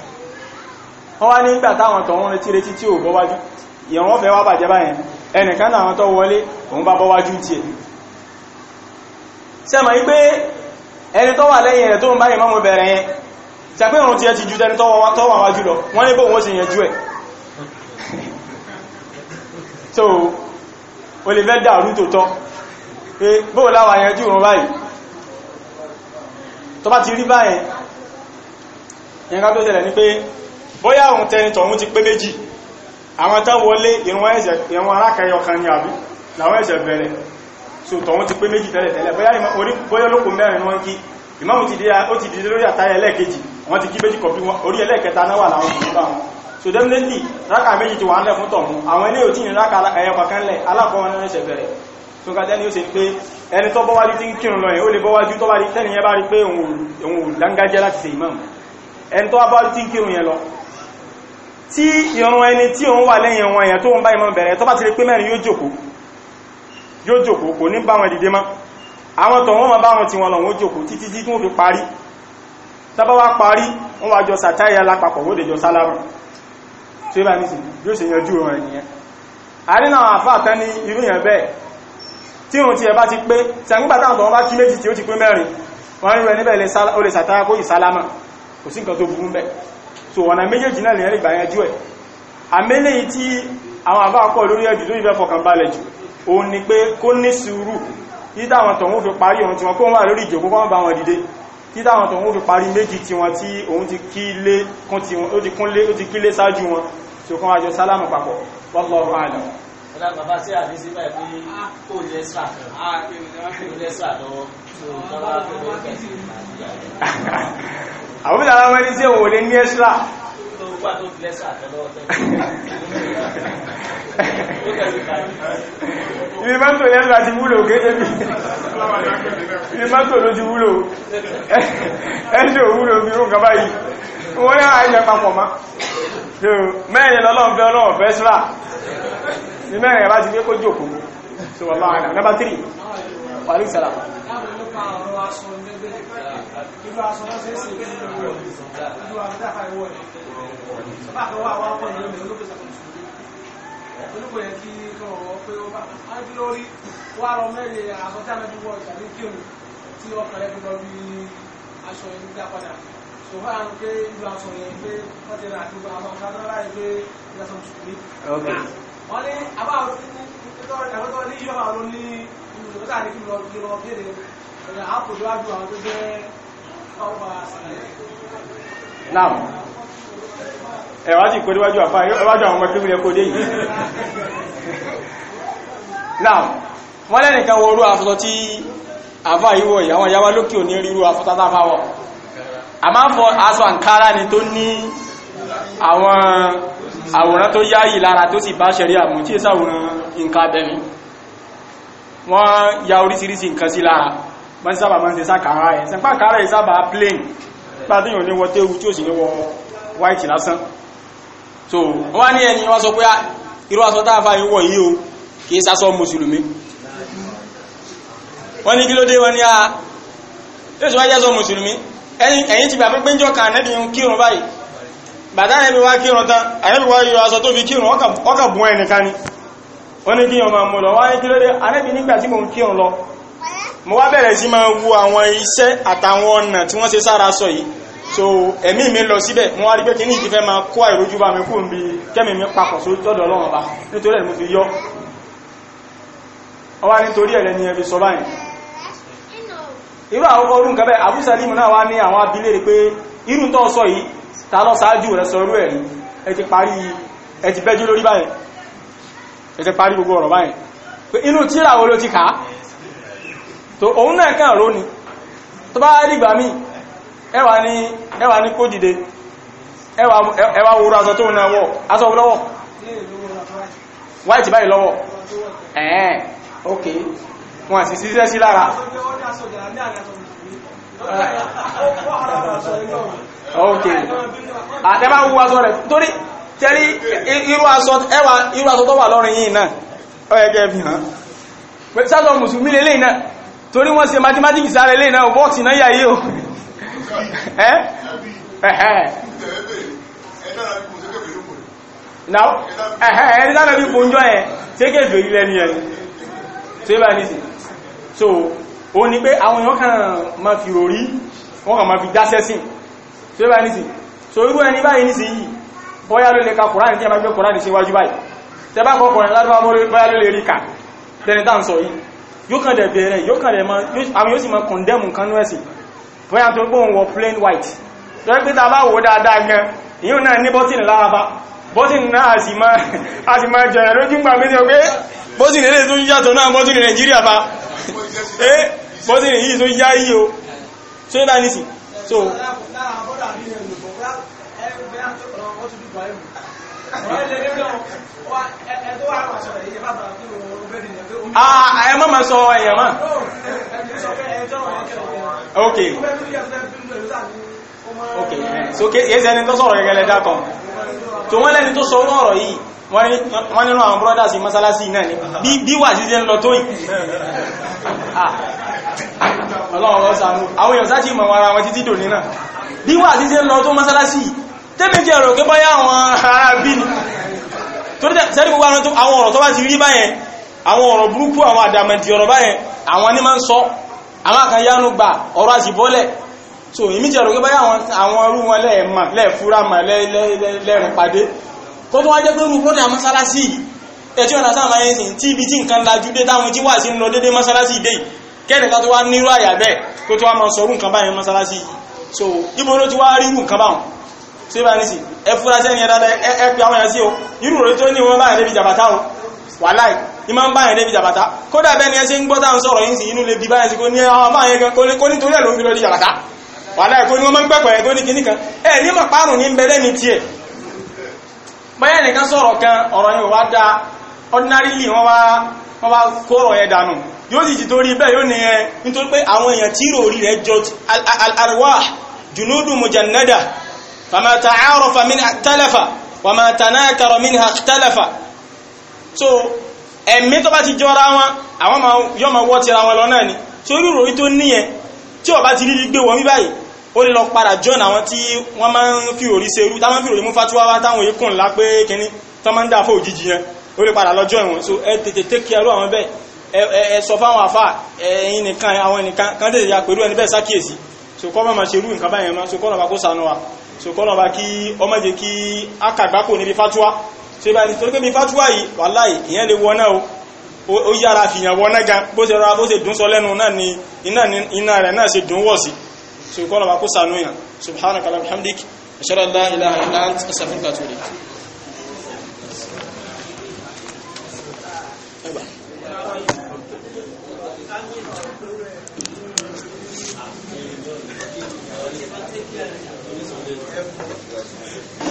wọ́n wá nígbà táwọn tọ̀wọ́n retí retí tí ò bọ́wájú ìyẹ̀wọ́n fẹ́ wá bàjẹ́ báyẹn ẹnìkan náà àwọn tó wọlé òun bá bọ́wájú tí ẹ̀ sẹ́mọ̀ yí pé ẹni tó wà lẹ́yìn rẹ̀ tó ń báyìí mọ́mú bẹ̀rẹ̀ yẹn sẹ́pẹ́ òun ti ẹ ti ju tẹni tó wà wájú lọ wọ́n ní bóun ó sì yẹn jú ẹ̀ so o lè fẹ́ dàrú tó tọ́ pé bóò láwà yẹn jú òun báyìí tó bá ti rí báyẹn yẹn ká tó ṣẹlẹ̀ ní pé bóyá òun tẹni tọ̀hún ti pé méjì àwọn tán wọlé ìrún arákẹyọ kan ní àbí làwọn ẹ̀ṣẹ̀ bẹ̀rẹ̀ so tọ̀hún ti pé méjì tẹ́lẹ̀tẹ́lẹ̀ bóyá olóko mẹ́rin wọn kí ìmáàmù ti dìde lórí àtàyà ẹlẹ́ẹ̀kejì wọ́n ti kí méjì kọ̀bí orí ẹlẹ́ẹ̀kẹta náà wà láwọn ìgbà so definitely rákà méjì ti wà ń lẹ̀ fún tọ̀hún àwọn ilé òtí ní rákà ẹyọ kankan lẹ̀ alákọ̀ọ́ náà ẹ̀ṣẹ̀ bẹ̀rẹ̀ tó ká tẹ́ni ó se pé ẹni tó bọ́wájú tí ń kírun lọ ẹ̀ bá rí tẹ́ni tí ń kírun yẹn lọ tí ìrun ẹni tí òun wà lẹ́yìn wọn èèyàn tó ń bá ìmọ̀ bẹ̀rẹ̀ tó bá ti rí pé mẹ́rin yóò jókòó yóò jókòó kò ní bá wọn dìde mọ́ àwọn tó wọ́n ma bá wọn tí wọn lọ wọ́n jókòó títí tí wọ́n fi parí tá bá wá parí wọ́n wá jọ sàtáyà lápapọ̀ wọ́n dẹjọ sálámù tí ó bá ní sí yóò ṣe yanjú so ọ̀nà méjèèjì náà lè rí gbàyànjú ẹ̀ àmẹ́lẹ̀ yìí tí àwọn àbá akọ́ lórí ẹ̀jù ló ìfẹ́ fọkàn balẹ̀ jù òun ni pé kó ní sùúrù títà àwọn tọ̀hún fi parí ohun tí wọ́n kó wà lórí ìjòkó kọ́ bá wọn so kọ́ wájọ sálámù papọ̀ wallahu náà bàbá sí àdísí báyìí pé kò ah, ní ẹ́sà kò ní ẹ́sà lọ́wọ́ tó tọ́lá tó lọ́wọ́ àwọn ìlànà wọn ní tí òun ò ní ní ẹ́sà tó wà tó fi ẹ́sà tẹ́lọ́wọ́ tẹ́lọ́wọ́ ibi mọ́tò ní ẹ́sà ti wúlò gẹ́gẹ́ bí ibi mọ́tò ló ti wúlò ẹ́sà ò wúlò bí ó gaba yìí wọ́n yá ilẹ̀ papọ̀ má mẹ́rin lọ́lọ́fẹ́ ọlọ́ọ̀fẹ́ síra ní mẹ́rin bá ti gbé kó jòkó so wà láàrin àwọn nọ́bá tírì wàlú ìsàlá olùkọ́ yẹn kí ọ̀rọ̀ ọkọ̀ rẹ̀ fi lọ aṣọ ìgbà padà ṣùgbọ́n àwọn pé ìlú aṣọ yẹn pé wọ́n ti rà àti gbogbo àwọn ọ̀ṣọ́ náà láì pé ìlú aṣọ mùsùlùmí. Ah, wọ́n ní àbá àwọn tó ní yíyọ́ àwọn ní ìlú tó ní kí lọ bí lọ bí lè àpò níwájú àwọn tó jẹ́ ọgbà sàlẹ̀. náà ẹ̀wá sì kó níwájú àfáà níwájú àwọn ọmọ kí wọ́n yẹ kó dé yìí. náà wọ́n lẹ́nìkan wo orú afọ́tọ́ tí àfáà yíwọ̀ yìí àwọn ìyáwá lókè òní rírú a máa fọ aṣọ àǹkárá ni tó ní àwọn àwòrán tó yáyì lára tó sì bá ṣẹ̀rí àmú tí ìsàwòrán nǹkan abẹni wọ́n ya oríṣiríṣi nǹkan sí lára wọ́n sábà máa ń ṣe sákàárá ẹ̀ sẹ́pá àkàárá ẹ̀ sábà plain pàtíyàn ní wọ́n téwu tí ó sì ní wọ white lásán so wọ́n ní ẹni wọ́n sọ pé ah, irú aṣọ táàfà yíwọ̀ yìí o kìí sásọ mùsùlùmí wọ́n ní kí ló dé wọ́n ní a ah, tẹ́sùn wájẹ́ sọ mùsùlùmí ẹ̀yìn ti gbàgbé pé ń jọ́ka ànẹ́bì ń kírun báyìí bàtà ànẹ́bì wá kírun tán ànẹ́bì wá yọ aṣọ tó fi kírun ọkà bùn ẹnìkan ni wọ́n ní kí ọmọ mọ̀ lọ wá ní kí lóde ànẹ́bì nígbà tí mo wá bẹ̀rẹ̀ sí máa wo àwọn iṣẹ́ àtàwọn ọ̀nà so ẹ̀mí mi lọ síbẹ̀ mo wá rí pé kíní ìdífẹ́ máa kó àìrójú bá mi kú ń bi kẹ́mi mi irú àwọn orú nǹkan bẹ́ àbúsàlímù náà wá ní àwọn abilé rí pé irú tó sọ yìí ta lọ sáájú rẹ̀ sọ orú ẹ̀rí ẹ ti parí ẹ bẹ́jú lórí báyìí parí gbogbo ọ̀rọ̀ báyìí pé inú tíra wo ló ti kà tó òun náà kàn ni tó bá rí mí ẹwà ní kó dìde ẹwà wúrú aṣọ tó náà wọn sì síṣẹ́ sí lára ok àtẹ́bá wú aṣọ rẹ̀ torí tẹ́rí irú aṣọ ẹwà irú aṣọ tó wà lọ́rin yìí náà ọ̀ẹ́gẹ́ fi hàn sáàtọ̀ mùsùlùmí lélẹ́ náà torí wọ́n ṣe mathematics sáré lè náà bọ́ọ̀tì náà yàyí o ẹ́ ẹ̀hẹ́ ẹ̀hẹ́ ẹ̀rí dáadáa bí kò ń jọ ẹ̀ tí kéfèé ilẹ̀ ni ẹ̀ tí ó bá ní sí so ó ní pé àwọn èèyàn kàn máa fi rò rí wọ́n kàn máa fi dáṣẹ́ sí so bá nísì so irú ẹni báyìí nísì yìí bóyá ló lè ka kùránì tí a máa gbé kùránì sí wájú báyìí tẹ bá kọkùnrin lárúbá bóyá ló lè rí kà tẹni tá ń sọ yìí yóò kàn dẹ̀ bẹ̀rẹ̀ yóò kàn dẹ̀ máa àwọn yóò sì máa condemn kan nú ẹ̀sìn bóyá tó gbóhùn wọ plain white tó pé ta bá wò dáadáa gan ìyóò náà ní bọ́tìnì láraba bọ́tìnì náà a sì máa jẹ̀rẹ̀ lójú gbàmí sí pé bọ́tìnì lè tó ń yàtọ̀ náà bọ́tìnì Nàìjíríà bá eh bọ́sí yìí tó yá yìí o tó yẹ́ láì nìsí so ah, ah, ẹ mọ́ ma sọ ẹ̀yẹ̀ mọ́ ok ok so kí ẹ̀ẹ́sẹ̀ ẹni tó sọ̀rọ̀ gẹ́gẹ́lẹ́dá kan tó wọ́n lẹ́ni tó sọ ọ̀rọ̀ yìí wọ́n nínú àwọn brọ́dá sí masalasi náà ni bí wà sí ṣe ń lọ tó yìí ah. ọlọ́run sàánú àwọn èèyàn sáàtì ìmọ̀ ara wọn títí dòní náà bí wà sí ṣe ń lọ tó masalasi tẹ́mẹ̀jẹ̀ rò kí báyá àwọn ará bí ni sẹ́rí gbogbo àwọn ọ̀rọ̀ tó bá ti rí báyẹn àwọn ọ̀rọ̀ burúkú àwọn àdàmẹ̀dì ọ̀rọ̀ báyẹn àwọn ní máa ń sọ àwọn kan yánu gba ọ̀rọ̀ àsìbọ́lẹ̀ so ìmíjẹ̀ rò kí báyá àwọn arú wọn lẹ́ẹ̀fúra mà lẹ́ẹ̀rùn pàdé kó tó wá jẹ́ pé rúkú lọ́dà mọ́sálásí ẹ̀tí ọ̀nà sáà máa ń sìn tí ibi tí nǹkan lajú dé táwọn tí wà sí ń lọ dédé mọ́sálásí dé kẹ́ẹ̀dẹ̀ká tó wá nírú àyà bẹ́ẹ̀ kó tó wá máa sọrú nǹkan so ibo ló ti wá rí nǹkan báwọn tí ó bá ní sí ẹ fúra sẹ́ni ẹ̀dá ẹ pé àwọn ẹ̀sí o irú rẹ̀ tó ní wọn báyẹn débi jàbátá o wàláì ìmọ̀ ń báyẹn débi jàbátá kódà bẹ́ẹ̀ ni ẹ ṣe ń gbọ́ táwọn sọ̀rọ̀ yìí sí inú lè bí báyẹn sí kó ní àwọn báyẹn di jàbátá wàláì kó ní wọ́n máa ń pẹ̀pẹ̀ kó ní kinní kan ẹ̀ ní mọ̀ párùn ní ń bẹ lẹ́ni tiẹ̀ bóyá nìkan sọ̀rọ̀ kan ọ̀rọ̀ yìí wá dá ordinarily wọ́n wá wọ́n bá kóòrọ̀ ẹ̀ dànù yóò sì ti torí bẹ́ẹ̀ yóò ní ẹ nítorí pé àwọn èèyàn tí rò rí rẹ̀ jọ al-arwah junudu mujannada fama ta'arafa minha ikhtalafa wa ma tanakara minha so ẹ̀mí tó bá ti jọra wọn àwọn yọ́ ma wọ́ wọn lọ náà ni torí ròrí tó níyẹn tí ó bá ti rí gbé wọn bí báyìí ó lè lọ padà john àwọn tí wọ́n máa ń fi òrí ṣe irú táwọn fi òrí mú fatuwa wá táwọn yìí kùn ńlá pé kíní tán máa ń dà fún òjijì yẹn ó lè padà lọ john wọn so ẹ tètè take care àwọn bẹ́ẹ̀ ẹ sọ fáwọn àfà ẹ̀yin nìkan àwọn nìkan kan tètè ya pẹ̀lú ẹni bẹ́ẹ̀ sákìyèsí so kọ́ bá máa ṣe irú nǹkan báyẹn máa so kọ́ lọ́ba kó so kọ́ lọ́ba kí ọmọ jẹ́ kí akàgbákò níbi fatuwa so ibà ní torí pé bí fatuwa yìí wàláì ìyẹn o ó yára fìyàn wọ náà gan bó ṣe rọra bó ṣe ni iná rẹ̀ náà so kọ́lọ̀ bá kó sànú yàn subhanaka wa bihamdik ashhadu an la ilaha illa ant astaghfiruka wa atubu ilayk